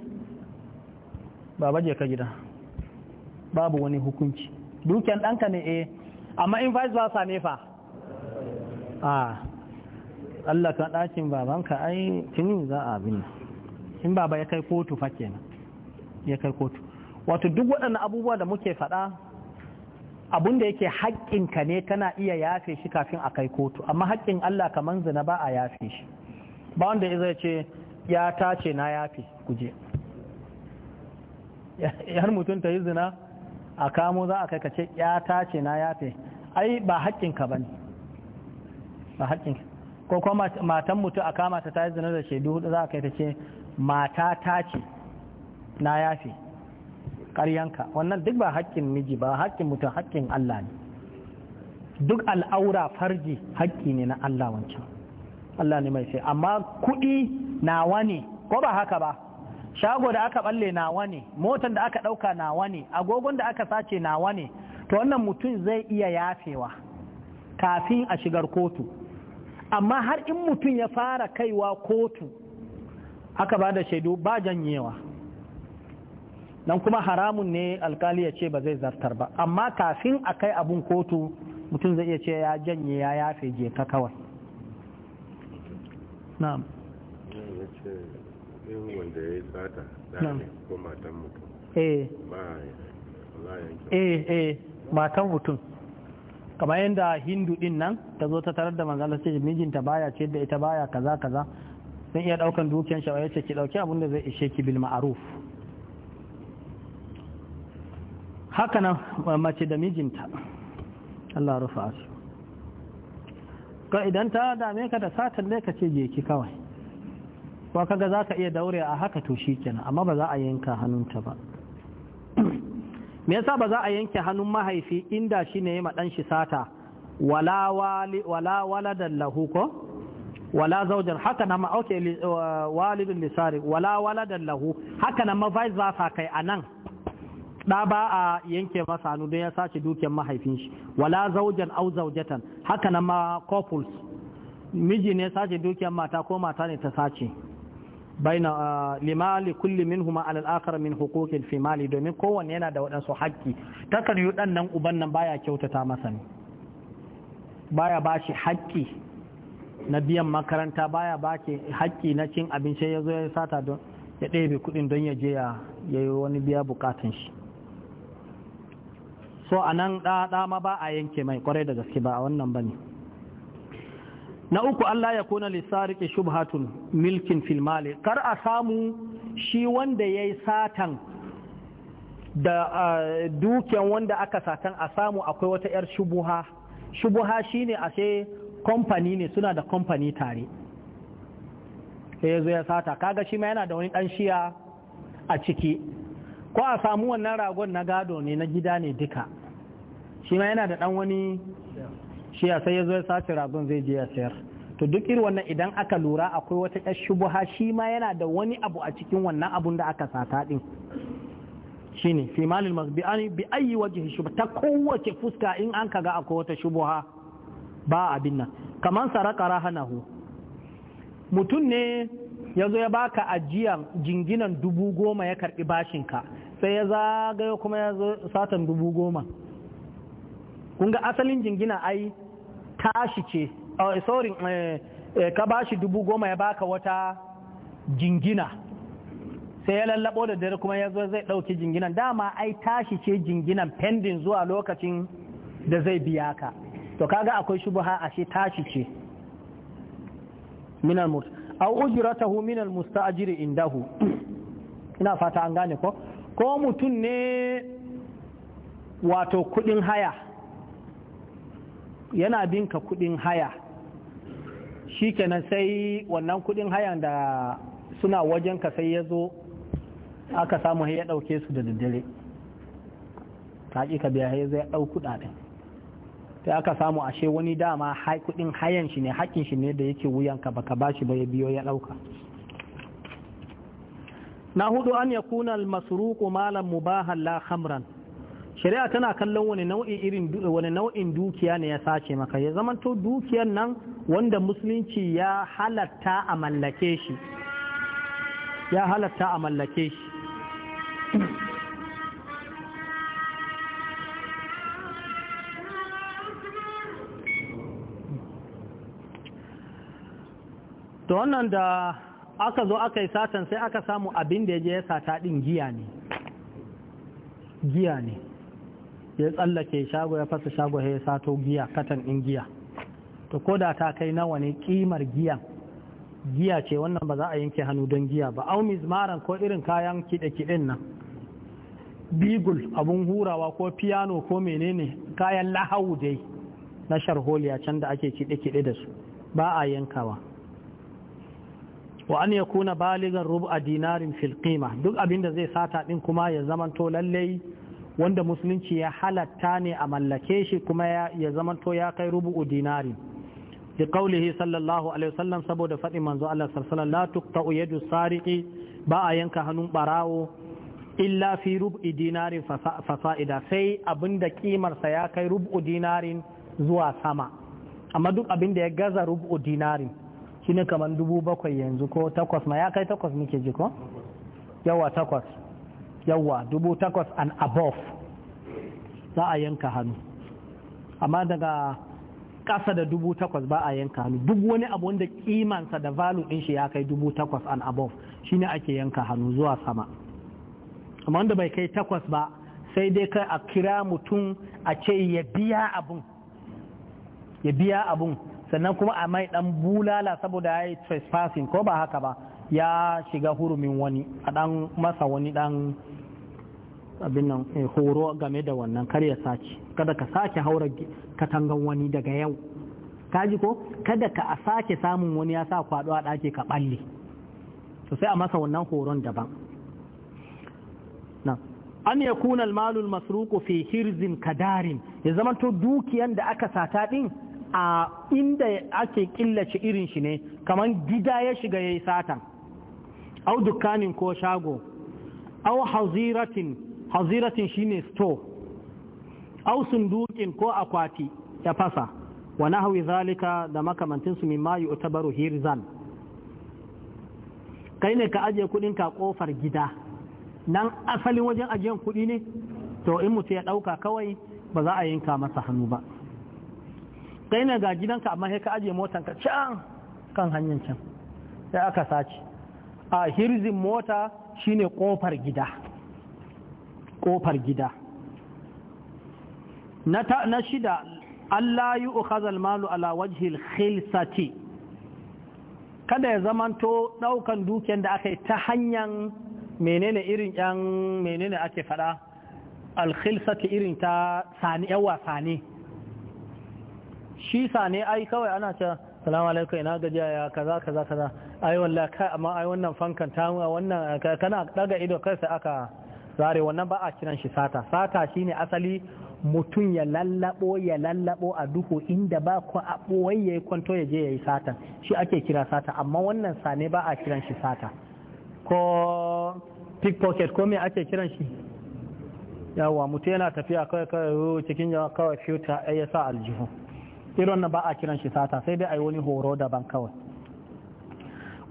S1: baba je ka gida babu wani hukunci duken ɗanka ne eh amma in vice versa ne fa a ah, Allah ka ɗakin babanka ai tuni za a bin in baba ya kai kotu fa kenan ya kai kotu wato duk waɗannan abubuwa da muke faɗa abun da yake haƙƙinka ne kana iya yafe shi kafin a kai kotu amma haƙƙin Allah kaman zina ba a yafe shi ba wanda zai ce ya tace na yafe kuje har mutum ta yi zina a kamo za a kai ka ce ya tace na yafe ai ba haƙƙinka ba ne ba haƙƙinka ko kuma matan mutum a kama ta ta yi zina da shaidu hudu za a kai ta ce mata tace na yafe ƙaryanka wannan duk ba haƙƙin miji ba haƙƙin mutum haƙƙin Allah ne duk al'aura farji haƙƙi ne na Allah wancan Allah ne mai sai amma kuɗi nawa ne ko ba haka ba shago da aka balle nawa ne motar da aka ɗauka nawa ne agogon da aka sace nawa ne to wannan mutum zai iya yafewa kafin a shigar kotu amma har in mutum ya fara kaiwa kotu aka ba da shaidu ba janyewa nan kuma haramun ne alkali ya ce ba zai zartar ba amma kafin a kai abun kotu mutum zai iya ce ya janye ya yafe je ka kawai na'am
S2: wanda ya yi tsata ko matan mutum
S1: eh. eh eh matan mutum kamar yadda hindu din nan ta zo ta tarar da manzala ce mijinta baya ce da ita baya kaza kaza sun iya daukan dukiyan shawaya, ce ki dauki abin da zai ishe ki bil ma'aruf haka nan mace da mijinta Allah rufa su ka idan ta dame ka da satan ne ka ce je ki kawai ko kaga zaka iya daure a haka to shikenan amma ba za a yanka hannunta ba me yasa ba za a yanke hannun mahaifi inda shine ya madan shi sata wala wali wala waladan lahu ko wala zaujan haka nan ma auke walidun lisari wala waladan lahu haka nan ma vice versa kai anan da ba a yanke masa hannu don ya sace dukiyar mahaifin shi wala zaujan au zaujatan haka nan ma couples miji ne sace dukiyar mata ko mata ne ta sace baina lima li kulli minhuma ala al-akhar min huquqin fi mali domin kowanne yana da wadansu haƙƙi takan ɗannan dan nan uban nan baya kyautata masa ne baya bashi haƙƙi na biyan makaranta baya baki haƙƙi na cin abinci ya zo ya sata don ya ɗebe kuɗin don ya je ya yi wani biya bukatun shi so a nan ma ba a yanke mai kwarai da gaske ba a wannan ba ne na uku Allah ya kuna lissariki shubhatun milkin filmali kar a samu shi wanda ya yi satan da dukiyan wanda aka satan a samu akwai wata 'yar shubuha shubuha shine ashe kamfani ne suna da kamfani tare sai ya zo ya sata kaga shi ma yana da wani ɗan shiya a ciki ko a samu wannan ragon na gado ne na gida ne duka shi ma yana da ɗan wani shi ya sai ya zo ya sace ragon zai je ya sayar to duk irin wannan idan aka lura akwai wata ƴar shubuha shi ma yana da wani abu a cikin wannan abun da aka sata din shine fi malil masbi'ani bi ayi wajhi shubha ta kowace fuska in an kaga akwai wata shubuha ba abin nan kaman saraka rahanahu mutum ne ya zo ya baka ajiyan jinginan dubu goma ya karbi bashinka sai ya zagayo kuma ya zo satan dubu goma kun asalin jingina ai tashi ce oh, sorry eh, eh, ka ba shi dubu goma ya baka wata jingina sai ya lallabo da dare kuma ya zo zai ɗauki jinginan dama ai tashi ce jinginan pending zuwa lokacin da zai biya ka to kaga akwai shubha ashe tashi ce minal mut aw ujratahu minal musta'jiri indahu ina fata an gane ko ko mutum ne wato kudin haya yana binka kudin haya shi kenan sai wannan kudin hayan da suna wajenka sai ya zo aka samu ya dauke su da daddare ka biya ya zai dau kudaden sai aka samu ashe wani dama kudin hayan shi ne hakkin shi ne da yake wuyanka baka bashi ba ya biyo ya ɗauka. na hudu an ya kuna almasruqu malam mubahan la khamran shari'a tana kallon wani nau'in irin wani nau'in dukiya ne ya sace maka ya zamanto dukiyar nan wanda musulunci ya halatta a mallake shi ya halatta a mallake shi to wannan da aka zo aka yi satan sai aka samu abin da ya je ya sata ɗin giya ne giya ne ya tsallake shago ya fasa shago ya sato giya katan ɗin giya to ko da ta kai nawa ne ƙimar giya giya ce wannan ba za a yanke hannu don giya ba au mizmaran ko irin kayan kiɗe-kiɗen nan bigul abun hurawa ko piano ko menene kayan lahawu dai na sharholiya can da ake kiɗe-kiɗe da su ba a yankawa wa an kuna baligan rub'a dinarin filƙima duk abinda zai sata din kuma ya zamanto lallai wanda musulunci ya halatta ne a mallake shi kuma ya zamanto ya kai rubu'u dinari da kaulihi sallallahu alaihi wasallam saboda faɗin manzo Allah sallallahu la tuqta'u yadu sariqi ba a yanka hannun barawo illa fi rub'i dinarin fasa'ida sai abinda kimar sa ya kai rub'u dinarin zuwa sama amma duk abinda ya gaza rub'u dinarin ne kamar dubu bakwai yanzu ko takwas ma ya kai takwas muke ji ko yawa takwas yawa dubu takwas and above za a yanka hannu amma daga ƙasa da dubu takwas ba a yanka hannu duk wani abu wanda kimansa da valu ɗin shi ya kai dubu takwas and above shi ne ake yanka hannu zuwa sama amma wanda bai kai takwas ba sai dai kai a kira mutum a ce ya biya abun ya biya abun sannan kuma a mai dan bulala saboda ya yi trespassing ko ba haka ba ya shiga hurumin wani a dan masa wani dan abin nan eh, horo game da wannan kar ya sace kada ka sake haura katangan wani daga yau kaji ko kada ka a sake samun wani ya sa kwado a dake ka balle to sai a masa wannan horon daban nan an yakuna kuna malul masruku fi hirzin kadarin ya zamanto dukiyan da aka sata din a inda ake killace irin shi ne kamar gida ya shiga ya yi satan au dukkanin ko shago au haziratin haziratin ne store au sundukin ko akwati ya fasa wa hawi zalika da makamantinsu ta baro hirzan kai ne ka ajiye kudin ka kofar gida nan asalin wajen ajiyan kudi ne to in mutu ya dauka kawai ba za a yanka masa hannu ba kai ne ga gidanka amma sai ka ajiye motanka, ka can kan hanyar can sai aka sace a hirzin mota shine kofar gida kofar gida na shida Allah yi ukhazal malu ala wajhil khilsati kada ya zamanto daukan dukiyar da aka yi ta hanyar menene irin yan menene ake fada khilsati irin ta sani yawa sani shi sa ne ai kawai ana ce salamu alaikum ina gajiya ya kaza kaza kaza ai walla kai amma ai wannan fankan ta wannan kana daga ido kai sai aka zare wannan ba a kiran shi sata sata shine asali mutum ya lallabo ya lallabo a duhu inda ba ku a boye yayi kwanto ya je yayi sata shi ake kira sata amma wannan sane ba a kiran shi sata
S2: ko
S1: pickpocket ko me ake kiran shi yawa mutum yana tafiya kawai kawai cikin jama'a kawai filter ya sa aljihu irin na ba a kiran shi sata sai dai a yi wani horo daban kawai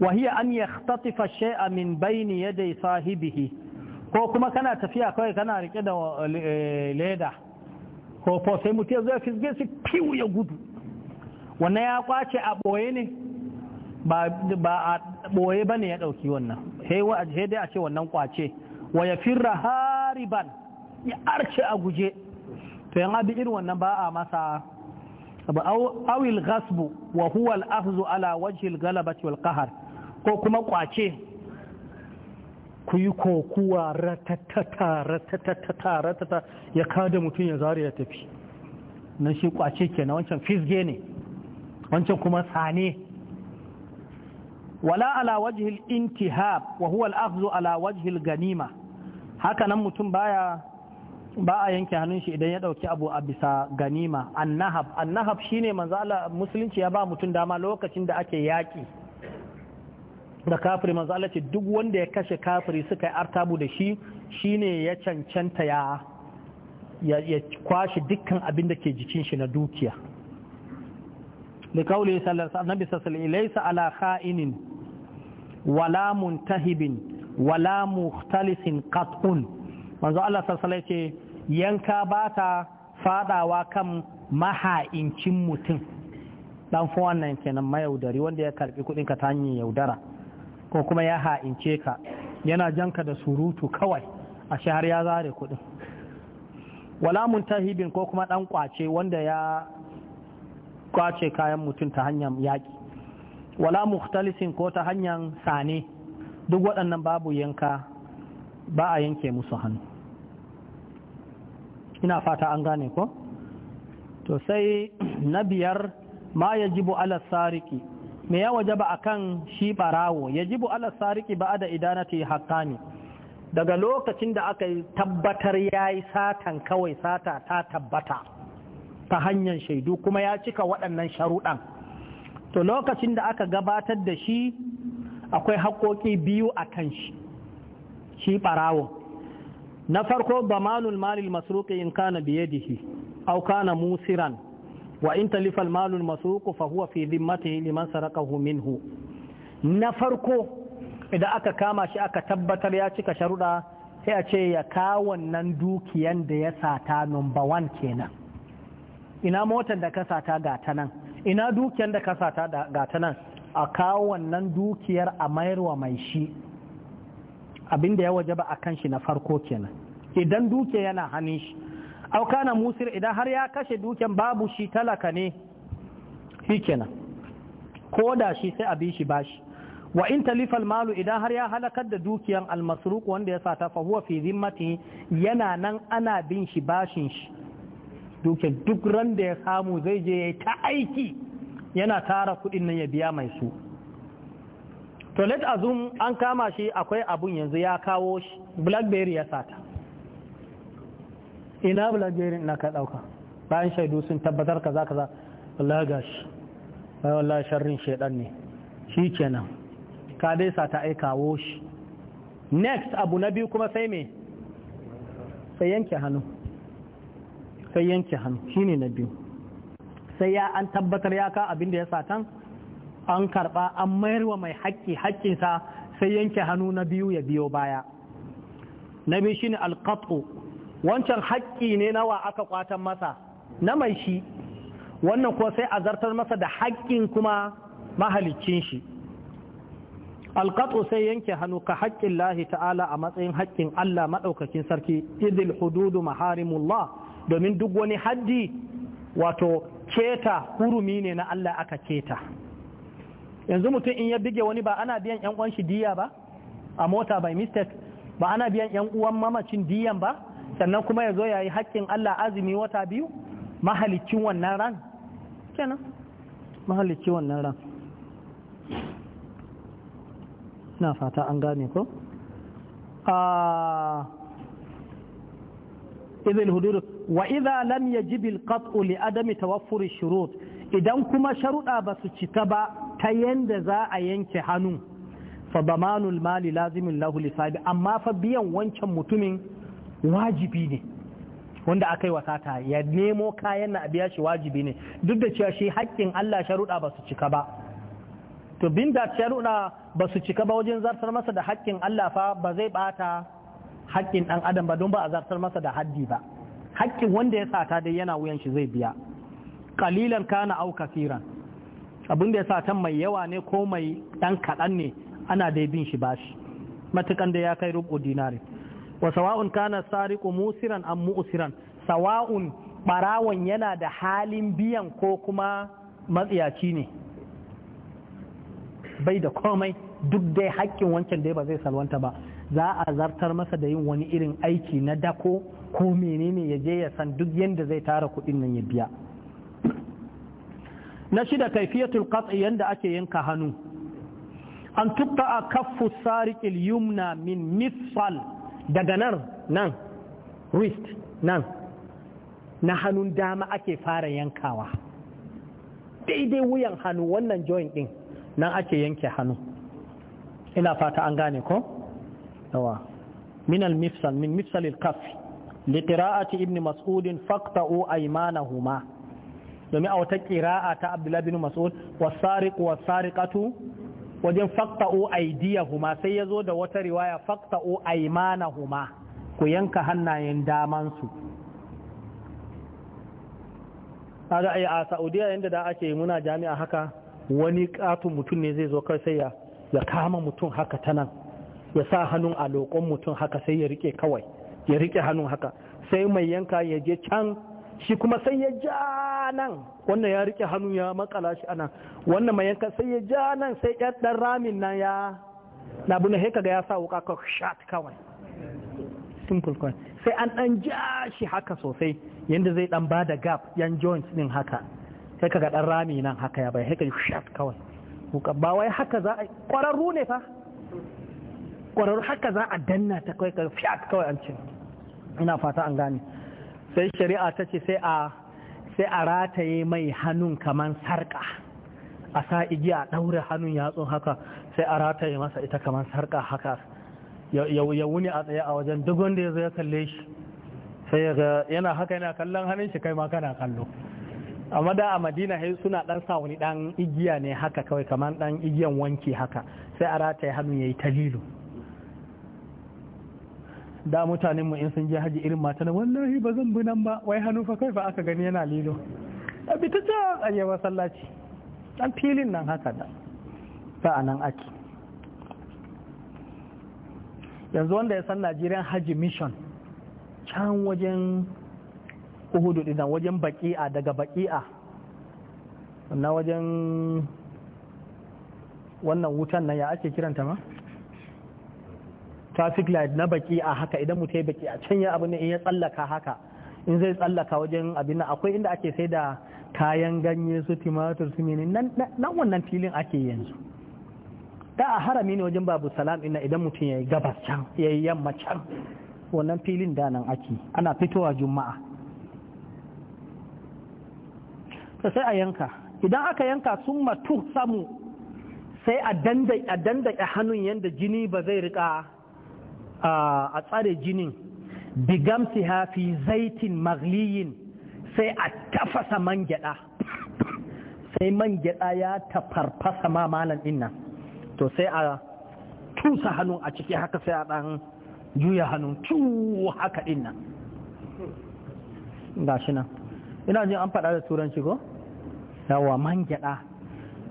S1: wahiya an ya tatifa a min bayni yadai sahibihi ko kuma kana tafiya kawai kana rike da eh, leda ko ko sai mutum zai fisge su fiw ya gudu wannan ya kwace a boye ne ba a boye ba ne ya ɗauki wannan sai dai a ce wannan kwace wa ya firra hariban ya arce a guje to yan abi irin wannan ba a masa awil gasbu wa huwa ala wajhi al wal ko kuma kwace ku yi kokuwa ratatata ratatata ratata ya kada mutum ya zare ya tafi na shi kwace kenan wancan fisge ne wancan kuma sane wala ala wajihil intihab wa huwa al ala wajihil ganima haka nan mutum baya ba a yanke hannun shi idan ya ɗauki abu a bisa ganima annahab annahab shine manzo Allah musulunci ya ba mutum dama lokacin da ake yaki da kafiri manzo Allah ce duk wanda ya kashe kafiri suka yi artabu da shi shine ya cancanta ya kwashe kwashi dukkan abin da ke jikin shi na dukiya likauli sallallahu alaihi wasallam laysa ala kha'inin wala muntahibin wala mukhtalisin qat'un manzo Allah sallallahu alaihi yanka ba ta fadawa kan maha'incin mutum dan fi wannan kenan mayaudari wanda ya karbi kudin ka ta hanyar yaudara ko kuma ya ha'ince ka yana janka da surutu kawai a shahar ya zare kudin wala hibin ko kuma dan kwace wanda ya kwace kayan mutum ta hanyar yaki wala talisin ko ta hanyar sane duk waɗannan babu yanka ba a yanke musu hannu ina fata an gane ko to sai na biyar ma yajibu ala sariki me ya waje wajaba akan shi barawo yajibu ala sariki ba'da idanati haqqani daga lokacin da aka tabbatar yayi satan kawai sata ta tabbata ta hanyar shaidu kuma ya cika waɗannan sharuɗan to lokacin da aka gabatar da shi akwai haƙoƙi biyu a kan shi shi ɓarawo na farko damanul malil masruqi in kana biyadihi aw kana musiran wa in talifa al malul masruqu fa huwa fi dhimmatihi liman saraqahu minhu na farko idan aka kama shi aka tabbatar ya cika sharuda sai a ce ya kawo wannan dukiyan da ya sata number kenan ina motar da ka sata ga ta nan ina dukiyan da ka sata ga ta nan a kawo wannan dukiyar a mayarwa mai shi abin da ya waje ba a kan shi na farko kenan idan duke yana hannun shi aukana musir idan har ya kashe duken babu shi talaka ne shi kenan ko da shi sai a bi shi bashi wa in talifal malu idan har ya halakar da dukiyan almasruq wanda ya sata fa huwa fi zimmati yana nan ana bin shi bashin shi duke duk ran da ya samu zai je ya ta aiki yana tara kudin nan ya biya mai su to let azum an kama shi akwai abun yanzu ya kawo shi blackberry ya sata ina blackberry na ka dauka bayan shaidu sun tabbatar kaza kaza wallahi gashi bai wallahi sharrin shedan ne shi kenan ka dai sata ai kawo shi next abu na biyu kuma sai me sai yanke hannu sai yanke hannu shine na biyu sai ya an tabbatar ya ka abin da ya satan an karba an mayar wa mai haƙƙi haƙƙinsa sai yanke hannu na biyu ya biyo baya na biyu shine alqatu wancan haƙƙi ne nawa aka kwatan masa na mai shi wannan ko sai a zartar masa da haƙƙin kuma mahalicin shi alqatu sai yanke hannu ka haƙƙin lahi ta'ala a matsayin haƙƙin Allah maɗaukakin sarki idil hududu maharimullah domin duk wani haddi wato keta hurumi ne na Allah aka keta yanzu mutum in ya bige wani ba ana biyan yan uwan shi diya ba a mota by mistake ba ana biyan yan uwan mamacin diyan ba sannan kuma ya zo ya yi haƙƙin Allah azumi wata biyu mahalicin wannan ran kenan mahalicin wannan ran na fata an gane ko ah, idil hududu wa idza lam yajib al qat'u li adami tawaffur shurut idan kuma sharuda ba su cika ba ta yanda za a yanke hannu fa damanul mali lazimin lahu lisabi amma fa biyan wancan mutumin wajibi ne wanda aka yi wasata ya nemo kayan na a biya shi wajibi ne duk da cewa shi haƙƙin Allah sharuɗa ba su cika ba to bin da sharuɗa ba su cika ba wajen zartar masa da haƙƙin Allah fa ba zai bata haƙƙin ɗan adam ba don ba a zartar masa da haddi ba haƙƙin wanda ya sata dai yana wuyan shi zai biya kalilan kana au kasiran abin da ya sa tan mai yawa ne ko mai ɗan kaɗan ne ana dai bin shi bashi matukan da ya kai rubu dinari wa sawa'un kana sariqu musiran am mu'siran sawa'un barawon yana da halin biyan ko kuma matsiyaci ne bai da komai duk dai haƙƙin wancan da ba zai salwanta ba za a zartar masa da yin wani irin aiki na dako ko menene ya je ya san duk yadda zai tara kuɗin nan ya biya na shida kaifiyatul qat'i yanda ake yanka hannu an a kaffu sariqil yumna min misfal daga nan nan wrist nan na hannun dama ake fara yankawa daidai wuyan hannu wannan joint din nan ake yanke hannu ina fata an gane ko yawa min al mifsal min mifsal al kaf li qira'ati ibn mas'ud faqta'u aymanahuma domin a wata kira'a ta abdullahi bin mas'ud wasariq wasariqatu wajen faqta'u aydiyahuma sai ya zo da wata riwaya faqta'u huma ku yanka hannayen daman su kaga ai a Saudiya yanda da ake muna jami'a haka wani katun mutum ne zai zo kai sai ya ya kama mutum haka ta nan ya sa hannun a lokon mutum haka sai ya rike kawai ya rike hannun haka sai mai yanka ya je can shi kuma sai ya ja nan wannan ya rike hannu ya makala shi ana wannan mai yanka sai ya ja nan sai ya dan ramin nan ya labu na heka ga ya sa wuka ka shat kawai simple kawai sai an dan ja shi haka sosai yanda zai dan ba da gap yan joints din haka sai ga dan rami nan haka ya bai heka shat kawai wuka ba wai haka za a kwararru ne fa kwararru haka za a danna ta kawai ka shat kawai an ce ina fata an gane sai shari'a ta ce sai a sai a rataye mai hannun kaman sarka a sa a ɗaure hannun yatsun haka sai a rataye masa ita kaman sarka haka ya wuni a tsaye a wajen duk wanda ya zo ya kalle shi sai ya ga yana haka yana kallon hannun shi kai ma kana kallo amma da a madina sai suna dan sa wani dan igiya ne haka kawai kamar dan igiyan wanki haka sai a rataye hannun yayi talilu da mutanen mu in sun je haji irin mata na wallahi ba zan bi nan ba wai hannu fa kai fa aka gani yana lilo a bi ta ta a sallaci dan filin nan haka da ta anan aki yanzu wanda ya san Najeriya Haji Mission can wajen Uhudu dinan wajen baki'a daga baki'a na wajen wannan wutan nan ya ake kiranta ma? traffic light na baki a haka idan mutum ya baki a can ya abu ne in ya tsallaka haka in zai tsallaka wajen abin nan akwai inda ake sai da kayan ganye su timatir su mini nan wannan filin ake yanzu da a harami ne wajen babu salam ina idan mutum ya yi gabas can ya yi yamma can wannan filin da nan ake ana fitowa juma'a sai a yanka idan aka yanka sun matu samu sai a dandai a hannun yadda jini ba zai rika a tsare jinin bigamsi hafi zaitin magliyin sai a tafasa man gyada sai man gyada ya tafarfasa ma malam dinnan to sai a tusa hannu a ciki haka sai a dan juya hannu tu haka dinnan gashi nan ina jin an faɗa da turanci ko yawa man gyada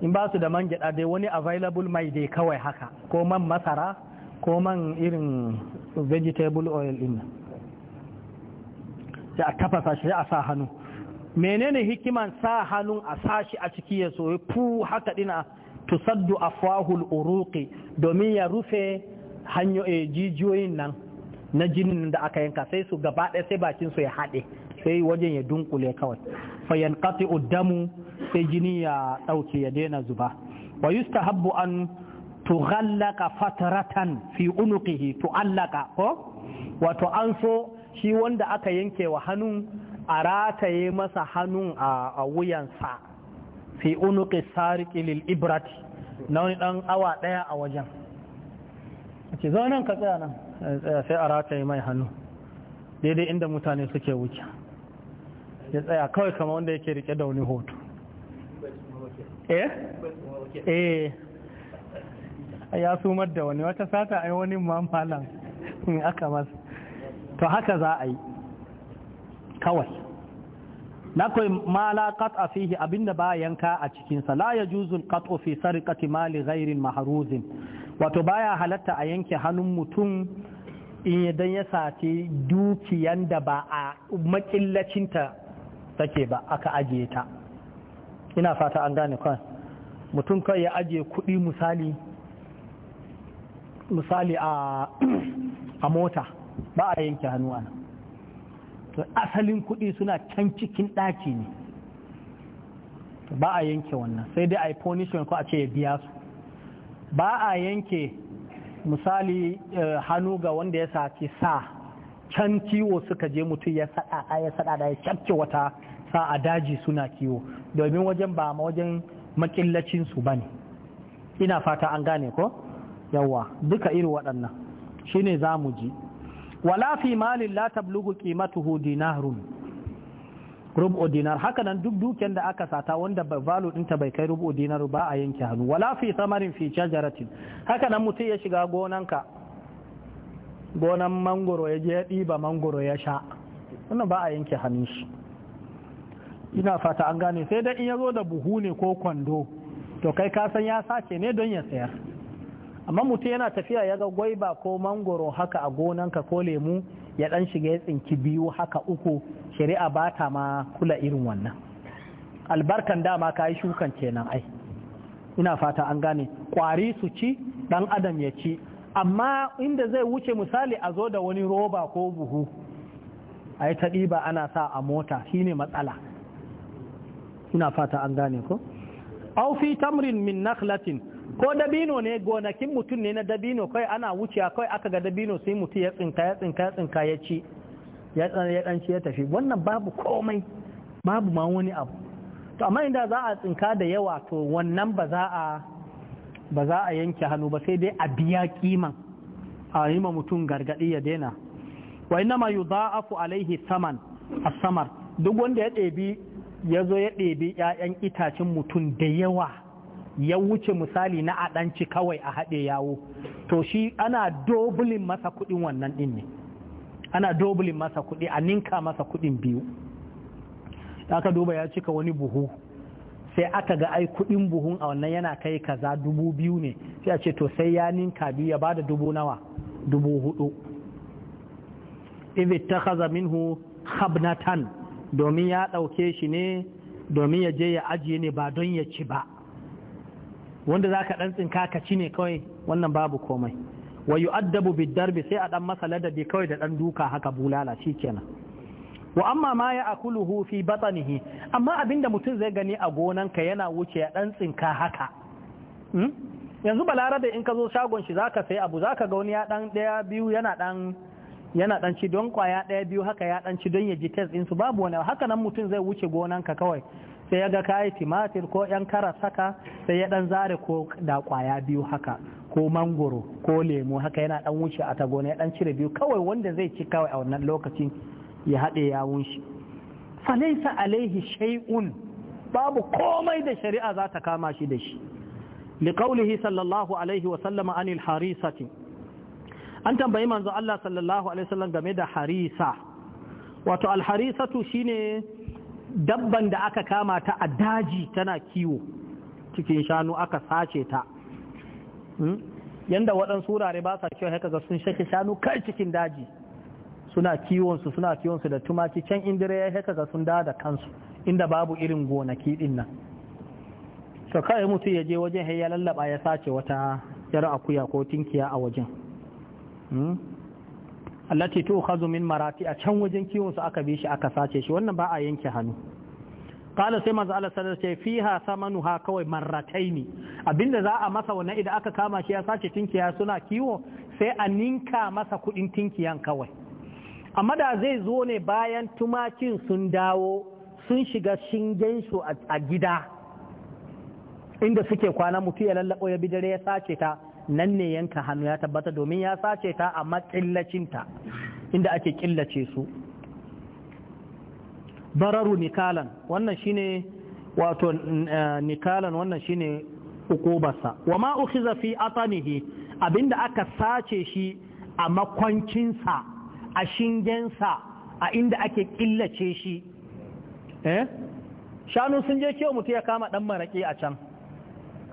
S1: in ba su da man gyada dai wani available mai dai kawai haka ko man masara ko man irin vegetable oil din sai a tafasa shi a sa hannu menene hikiman sa hannun a sashi a ciki ya soyi fu haka dina to tusaddu afwahul uruqi domin ya rufe hanyo eh, jijiyoyin nan na jinin da aka yanka sai su gaba ɗaya sai bakin su ya haɗe sai wajen ya dunkule kawai fa yanqati damu sai jini ya ɗauke ya daina zuba wa yustahabbu an tughallaka fataratan fi unuqihi tu'allaka ko wato an so shi wanda aka yanke wa hannun a rataye masa hannun a wuyansa fi unuqi sariqi lil ibrati na wani dan awa daya a wajen ake zo nan ka tsaya nan eh, sai a rataye mai hannu daidai inda mutane suke wuce ya tsaya kawai kamar wanda yake rike da wani hoto
S2: eh eh
S1: ya sumar da wani wata sata a yi wani mamalan in aka masu to haka za a yi kawai na kai mala a fihi abinda ba yanka a cikinsa. la la yajuzul qat'u fi sarqati mali zairin maharuzin wato baya halatta a yanke hannun mutum in yadan ya sace dukiyan da ba a makillacinta take ba aka ajiye ta ina fata an gane kwan mutum kai ya ajiye kuɗi misali misali a mota ba a yanke hannu ana to asalin kudi suna can cikin ɗaki ne ba a yanke wannan sai dai a yi punishment ko a ce ya biya su ba a yanke misali eh, hannu ga wanda ya saci sa can kiwo suka je mutum ya sada ya sada ya cakke wata sa a daji suna kiwo domin wajen ba ma wajen makillacin su bane ina fata an gane ko yawa duka irin waɗannan shine za mu ji wala fi malin la tablughu qimatuhu dinarun rubu dinar haka nan duk duken da aka sata wanda valo ɗinta bai kai rubu dinar ba a yanke hannu wala fi samarin fi jajaratin haka nan mutum ya shiga gonanka gonan mangoro ya je ya ɗiba mangoro ya sha wannan ba a yanke hannun shi ina fata an gane sai dai in ya zo da buhu ne ko kwando to kai ka san ya sace ne don ya sayar amma mutum yana tafiya ya ga gwaiba ko mangoro haka a gonanka ko lemu ya dan shiga ya tsinki biyu haka uku shari'a ba ta ma kula irin wannan albarkan dama ka yi shukan kenan ai ina fata an gane kwari su ci dan adam ya ci amma inda zai wuce misali a zo da wani roba ko buhu a yi ta ɗiba ana sa a mota shine matsala ina fata an gane ko au tamrin min nakhlatin ko dabino ne gonakin mutum ne na dabino kai ana wucewa kai aka ga dabino sai mutum ya tsinka ya tsinka ya tsinka ya ci ya ya ci ya tafi wannan babu komai babu ma wani abu to amma inda za a tsinka da yawa to wannan ba za a ba za a yanke hannu ba sai dai a biya kiman a yi ma mutum gargadi ya daina wa inna ma yudha'afu alaihi saman as-samar duk wanda ya ɗebi ya zo ya ɗebi ‘ya'yan itacen mutum da yawa ya wuce misali na a kawai a haɗe yawo to shi ana dobulin masa kuɗin wannan ɗin ne ana dobulin masa kuɗi a ninka masa kuɗin biyu aka duba ya cika wani buhu sai aka ga ai kuɗin buhun a wannan yana kai kaza dubu biyu ne sai a ce to sai ya ninka biyu ya bada dubu nawa dubu hudu ibi ta haza minhu habnatan domin ya ɗauke shi ne domin ya je ya ajiye ne ba don ya ci ba wanda za ka ɗan tsinka ka ci ne kawai wannan babu komai wa yu'addabu darbi sai a ɗan masa ladabi kawai da ɗan duka haka bulala shi kenan wa amma ma ya akuluhu fi batsanihi amma abinda mutum zai gani a gonanka yana wuce ya ɗan tsinka haka hmm? yanzu balarabe in ka zo shagon shi zaka sai abu zaka ga wani ya ɗan ɗaya biyu yana ɗan ci don kwaya ɗaya biyu haka ya dan ci don ya ji test din su babu wani haka nan mutum zai wuce gonanka kawai sai ya ga kayi timatir ko yan kara saka sai ya dan zare ko da kwaya biyu haka ko mangoro ko lemu haka yana dan wuce a tago ya dan cire biyu kawai wanda zai ci kawai a wannan lokacin ya haɗe ya wunshi. falaisa alaihi shay'un babu komai da shari'a za ta kama shi da shi liqaulihi sallallahu alaihi wa sallama anil harisati an tambayi manzo Allah sallallahu alaihi wasallam game da harisa wato al harisatu shine dabban da aka kama ta a daji tana kiwo cikin shanu aka sace ta hmm? yanda waɗansu wurare ba sa kyau haka ga sun shake shanu kai cikin daji suna kiwonsu suna kiwonsu da tumaki can indire ya haka ga sun da da kansu inda babu irin gonaki din nan to kai mutum ya je wajen ya lallaba ya sace wata yar akuya ko tinkiya a wajen hmm? allati tu'khadhu min marati a can wajen kiwon su aka bi shi aka sace shi wannan ba a yanke hannu qala sai manzo Allah sallallahu alaihi fiha samanuha kawai marrataini abinda za a masa wannan idan aka kama shi ya sace tinkiya suna kiwo sai a ninka masa kudin tinkiyan kawai amma da zai zo ne bayan tumakin sun dawo sun shiga shingen su a gida inda suke kwana mutu ya lallabo ya bi dare ya sace ta nan ne yanka hannu ya tabbata domin ya sace ta a matsillacinta inda ake killace su bararu nikalan wannan shine wato eh, nikalan wannan shine ukubarsa wa ma ukhiza fi atanihi abinda aka sace shi a makwancinsa a shingensa a inda ake killace shi eh shanu sun je kewa mutu ya kama dan maraki a can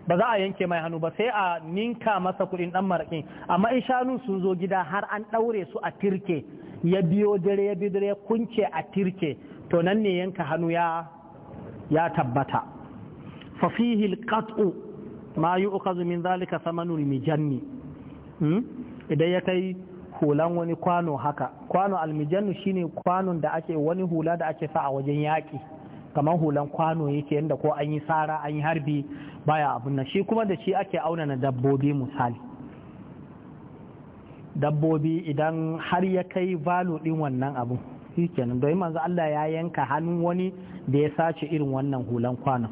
S1: ba za a yanke mai hannu ba sai a ninka masa kuɗin ɗan marakin amma in shanu sun zo gida har an ɗaure su a tirke ya biyo dare ya biyo dare ya kunce a tirke to nan ne yanka hannu ya ya tabbata fa fihi alqat'u ma yu'khadhu min zalika thamanu almijanni hmm? idan ya kai hulan wani kwano haka kwano almijannu shine kwanon da ake wani hula da ake sa a wajen yaƙi kamar hulan kwano yake yadda ko an yi tsara an yi harbi baya abun nan shi kuma da shi ake aunana dabbobi misali dabbobi idan har ya kai valo din wannan abun shi kenan don manzo Allah ya yanka hannun wani da ya sace irin wannan hulan kwano.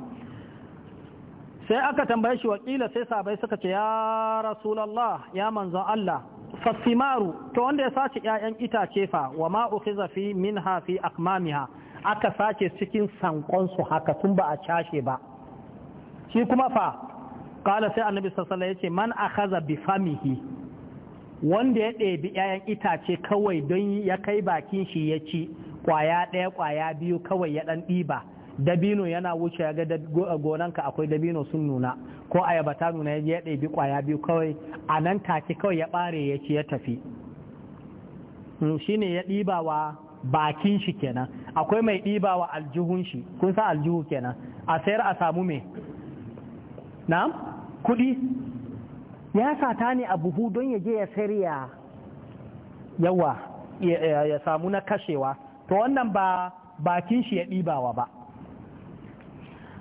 S1: sai aka tambaye shi wakila sai sabai suka ce ya rasulallah ya manzon Allah fasimaru to wanda ya sace 'ya'yan itace fa wa ma ukhiza fi minha fi akmamiha aka sace cikin sankonsu haka tun ba a cashe ba shi kuma fa kala sai annabi sassala ya ce man akaza bi famihi wanda ya ɗebi 'ya'yan itace kawai don ya kai bakin shi ya ci kwaya ɗaya kwaya biyu kawai ya ɗan ɗiba dabino yana wuce ya ga gonanka akwai dabino sun nuna ko ayaba ta nuna ya ɗebi kwaya biyu kawai a nan take kawai ya ɓare ya ci ya tafi hmm, shi ne ya ɗiba wa bakin shi kenan akwai mai ɗiba wa aljihun shi kun sa aljihu kenan a sayar a samu me na kuɗi ya sata ne a buhu don ya je ya sayar ya yawa ya samu na kashewa to wannan ba bakin shi ya ɗibawa ba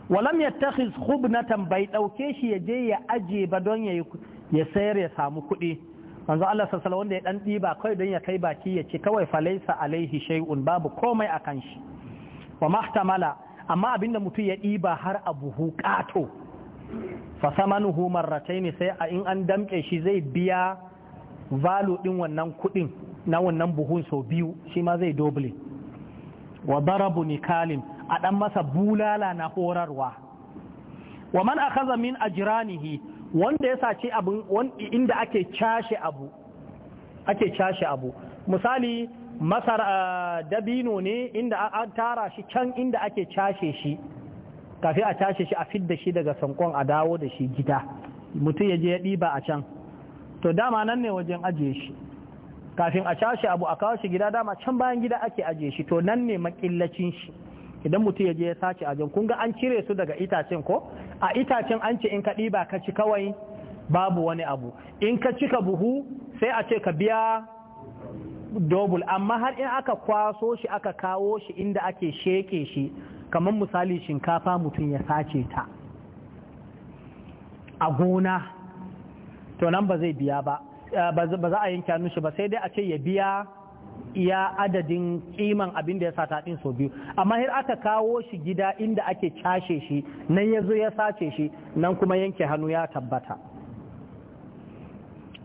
S1: walam ya takhis khubnatan bai ɗauke shi ya je ya aje ba don ya sayar ya samu kuɗi manzo Allah sallallahu wanda ya dan diba kai don ya kai baki ya ci kawai falaisa alaihi shay'un babu komai akan shi wa mahtamala amma abinda mutum ya diba har a buhu kato fa samanuhu marratayn sai a in an damke shi zai biya valu din wannan kudin na wannan buhun sau biyu shi ma zai doble wa darabu nikalin a dan masa bulala na horarwa wa man akhadha min ajranihi wanda ya saci abin inda ake cashe abu ake cashe abu misali masar ah, dabino ne inda an tara shi can inda ake cashe shi kafin a cashe shi a fidda shi daga sankon a dawo da shi gida mutum ya je ya ɗiba a can to dama nan ne wajen ajiye shi kafin a cashe abu a kawo shi gida dama can bayan gida ake ajiye shi to nan ne makillacin shi idan mutum ya je ya sace a jan kunga an cire su daga itacen ko a itacen an ce in ka ɗiba ka ci kawai babu wani abu in ka cika buhu sai a ce ka biya dobul amma har in aka kwaso shi aka kawo shi inda ake sheke shi kamar misali shinkafa mutum ya sace ta a gona to nan ba zai biya ba eh, ba za a yanke hannun shi ba sai dai a ce ya biya iya adadin kiman abin da ya sata din sau biyu amma har aka kawo shi gida inda ake cashe shi nan ya zo ya sace shi nan kuma yanke hannu ya tabbata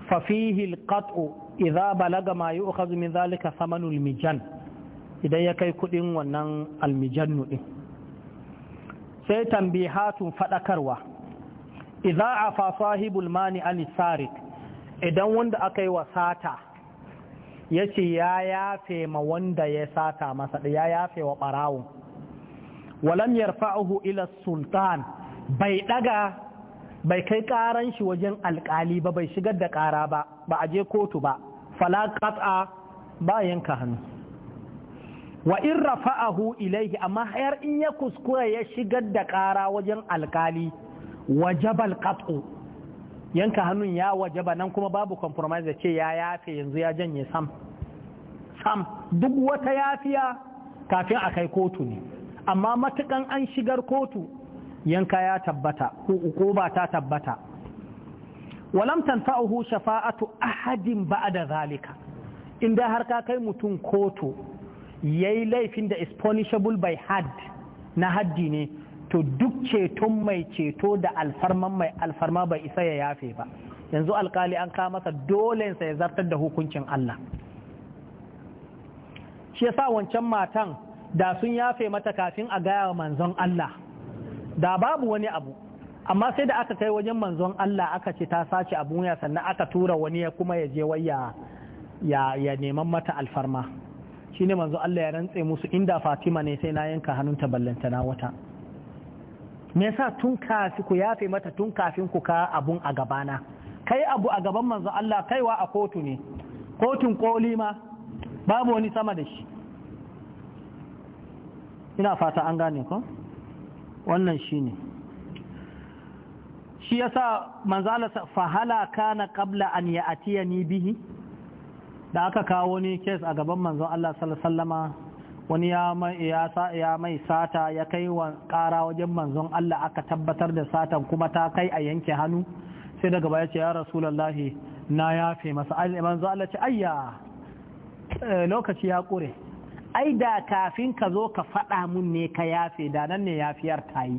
S1: fafihi alqat'u idza balaga ma yu'khadhu min zalika thamanul mijan idan ya kai kudin wannan almijannu din sai tambihatun fadakarwa idza afa sahibul mani an sariq idan wanda aka yi wa sata ya ce ya yafe ma wanda ya sata masa ya yafe wa ɓarawun walam yarfa'uhu ila sultan bai ɗaga bai kai karan shi wajen alƙali ba bai shigar da ƙara ba ba a je kotu ba fala qat'a ba yanka hannu wa in rafa'ahu ilaihi amma har in ya kuskura ya shigar da ƙara wajen alƙali wajabal qat'u yanka hannun ya waje ba nan kuma babu compromise da ce ya yafe yanzu ya janye sam sam duk wata yafiya kafin a kai kotu ne amma matukan an shigar kotu yanka ya tabbata ko ba ta tabbata walam tanfa'uhu shafa'atu ahadin ba'da zalika inda har ka kai mutum kotu yayi laifin da is punishable by had na haddi ne to duk ceton mai ceto da alfarman mai alfarma bai isa ya yafe ba yanzu alkali an kawo masa dolensa ya zartar da hukuncin Allah shi yasa wancan matan da sun yafe mata kafin a gaya wa manzon Allah da babu wani abu amma sai da aka kai wajen manzon Allah aka ce ta sace abun ya sannan aka tura wani ya kuma ya je waya ya ya neman mata alfarma shine manzo Allah ya rantse musu inda Fatima ne sai na yanka hannunta ballantana wata me yasa tun kafi ku yafe mata tun kafin ku ka abun a gabana kai abu a gaban manzo Allah kaiwa a kotu ne kotun koli ma babu wani sama da shi ina fata an gane ko wannan shine shi yasa manzo Allah fahala kana qabla an ya'tiyani bihi da aka kawo ni kes a gaban manzo Allah sallallahu alaihi wasallama wani ya mai sata ya kai wa ƙara wajen manzon Allah aka tabbatar da satan kuma ta kai a yanke hannu sai daga baya ce ya rasulallahi na yafe masa manzon Allah ce ayya eh, lokaci ya ƙure ai da kafin ka zo ka faɗa mun ne ka yafe da nan ne yafiyar ta yi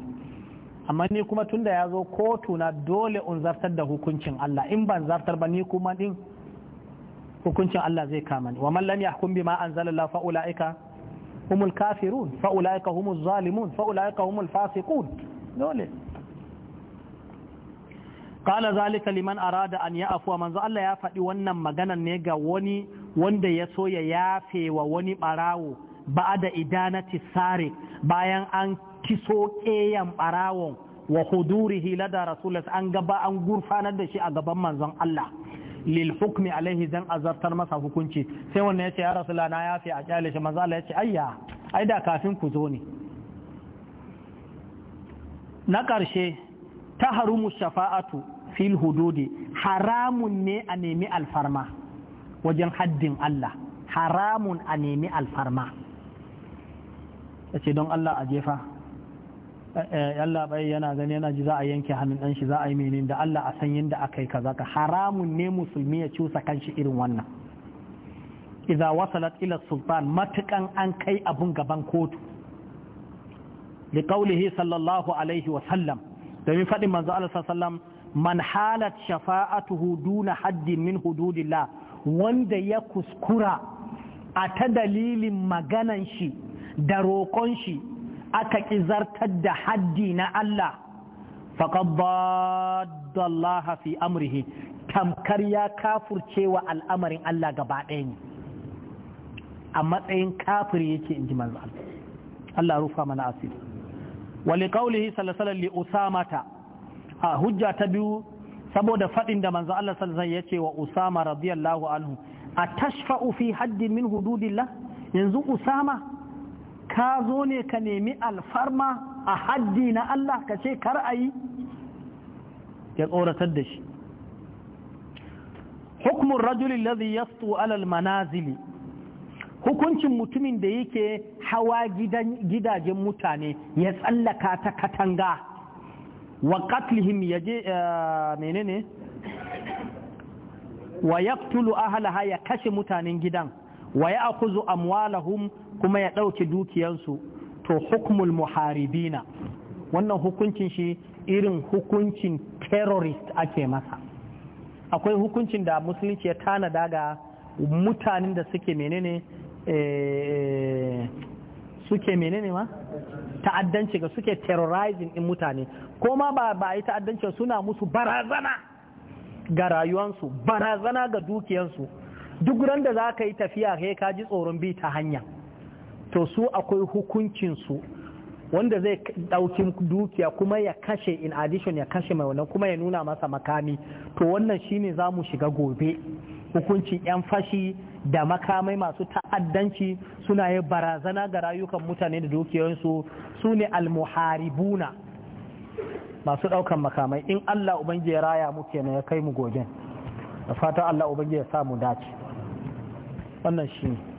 S1: amma ni kuma tunda ya zo kotu na dole in zartar da hukuncin Allah in ban zartar ba ni kuma din hukuncin Allah zai kama ni wa man lam yahkum bima anzalallahu fa ulaika humul kafirun fa'ulaika humul zalimun fa'ulaika humul fasiqun dole qala zalika liman arada an ya'fu manzo Allah ya faɗi wannan maganan ne ga wani wanda ya so ya yafe wa wani barawo ba'da idanati sari bayan an kiso ƙeyan barawon wa hudurihi lada rasulullah an gaba an gurfanar da shi a gaban manzon Allah lil hukmi alaihi dan azartar masa hukunci sai wannan yace ya rasulullah na yafi a kyale shi manzo Allah yace ayya ai da kafin ku zo ne na karshe taharumu shafa'atu fil hududi haramun ne a nemi alfarma wajen haddin Allah haramun a nemi alfarma yace don Allah a jefa Eh, Allah bai yana gani yana ji za a yanke hannun dan shi za a yi menene da Allah a san yadda aka yi kaza ka haramun ne musulmi ya cusa kanshi irin wannan idza wasalat ila sultan matukan an kai abun gaban kotu li qawlihi sallallahu alaihi wa sallam domin fadin manzo Allah sallallahu man halat shafa'atuhu duna haddin min hududillah wanda ya kuskura a ta dalilin maganan shi da roƙon shi aka ƙi zartar da haddi na Allah faƙad Allah fi amrihi tamkar ya kafurcewa al'amarin Allah gaba ɗaya ne a matsayin kafiri yake in ji manzo Allah rufa mana asiri wa liqaulihi sallallahu alaihi usamata a hujja ta biyu saboda faɗin da manzo Allah sallallahu ya ce wa usama radiyallahu anhu A atashfa'u fi haddi min hududillah yanzu usama ka zo ne ka nemi alfarma a haddi na Allah ka ce kar a yi ya tsoratar da shi hukumin rajulin lazi ya alal manazili hukuncin mutumin da yake hawa gidajen mutane ya tsallaka ta katanga wa katlihim ya je eh, menene wa yaqtulu ahlaha ya kashe mutanen gidan wa ya akuzu amwalahum kuma ya ɗauki dukiyansu to hukumul muharibina wannan hukuncin shi irin hukuncin terrorist ake masa akwai hukuncin da musulunci ya tanada ga mutanen da suke menene eh, suke menene ma ta'addanci ga suke terrorizing in mutane ko ma ba a yi ta'addanci suna musu barazana ga rayuwansu barazana ga dukiyansu duk ran da za ka yi tafiya kai ka ji tsoron bi ta hanya to su akwai hukuncinsu wanda zai ɗauki dukiya kuma ya kashe in addition ya kashe mai wannan kuma ya nuna masa makami to wannan shine za mu shiga gobe hukuncin 'yan fashi da makamai masu ta'addanci suna yi barazana ga rayukan mutane da dukiyoyinsu su ne almuharibuna masu ɗaukan makamai in Allah ubangi ya raya mu kenan ya kai mu gogen da fatan Allah ubangi ya sa mu dace wannan shine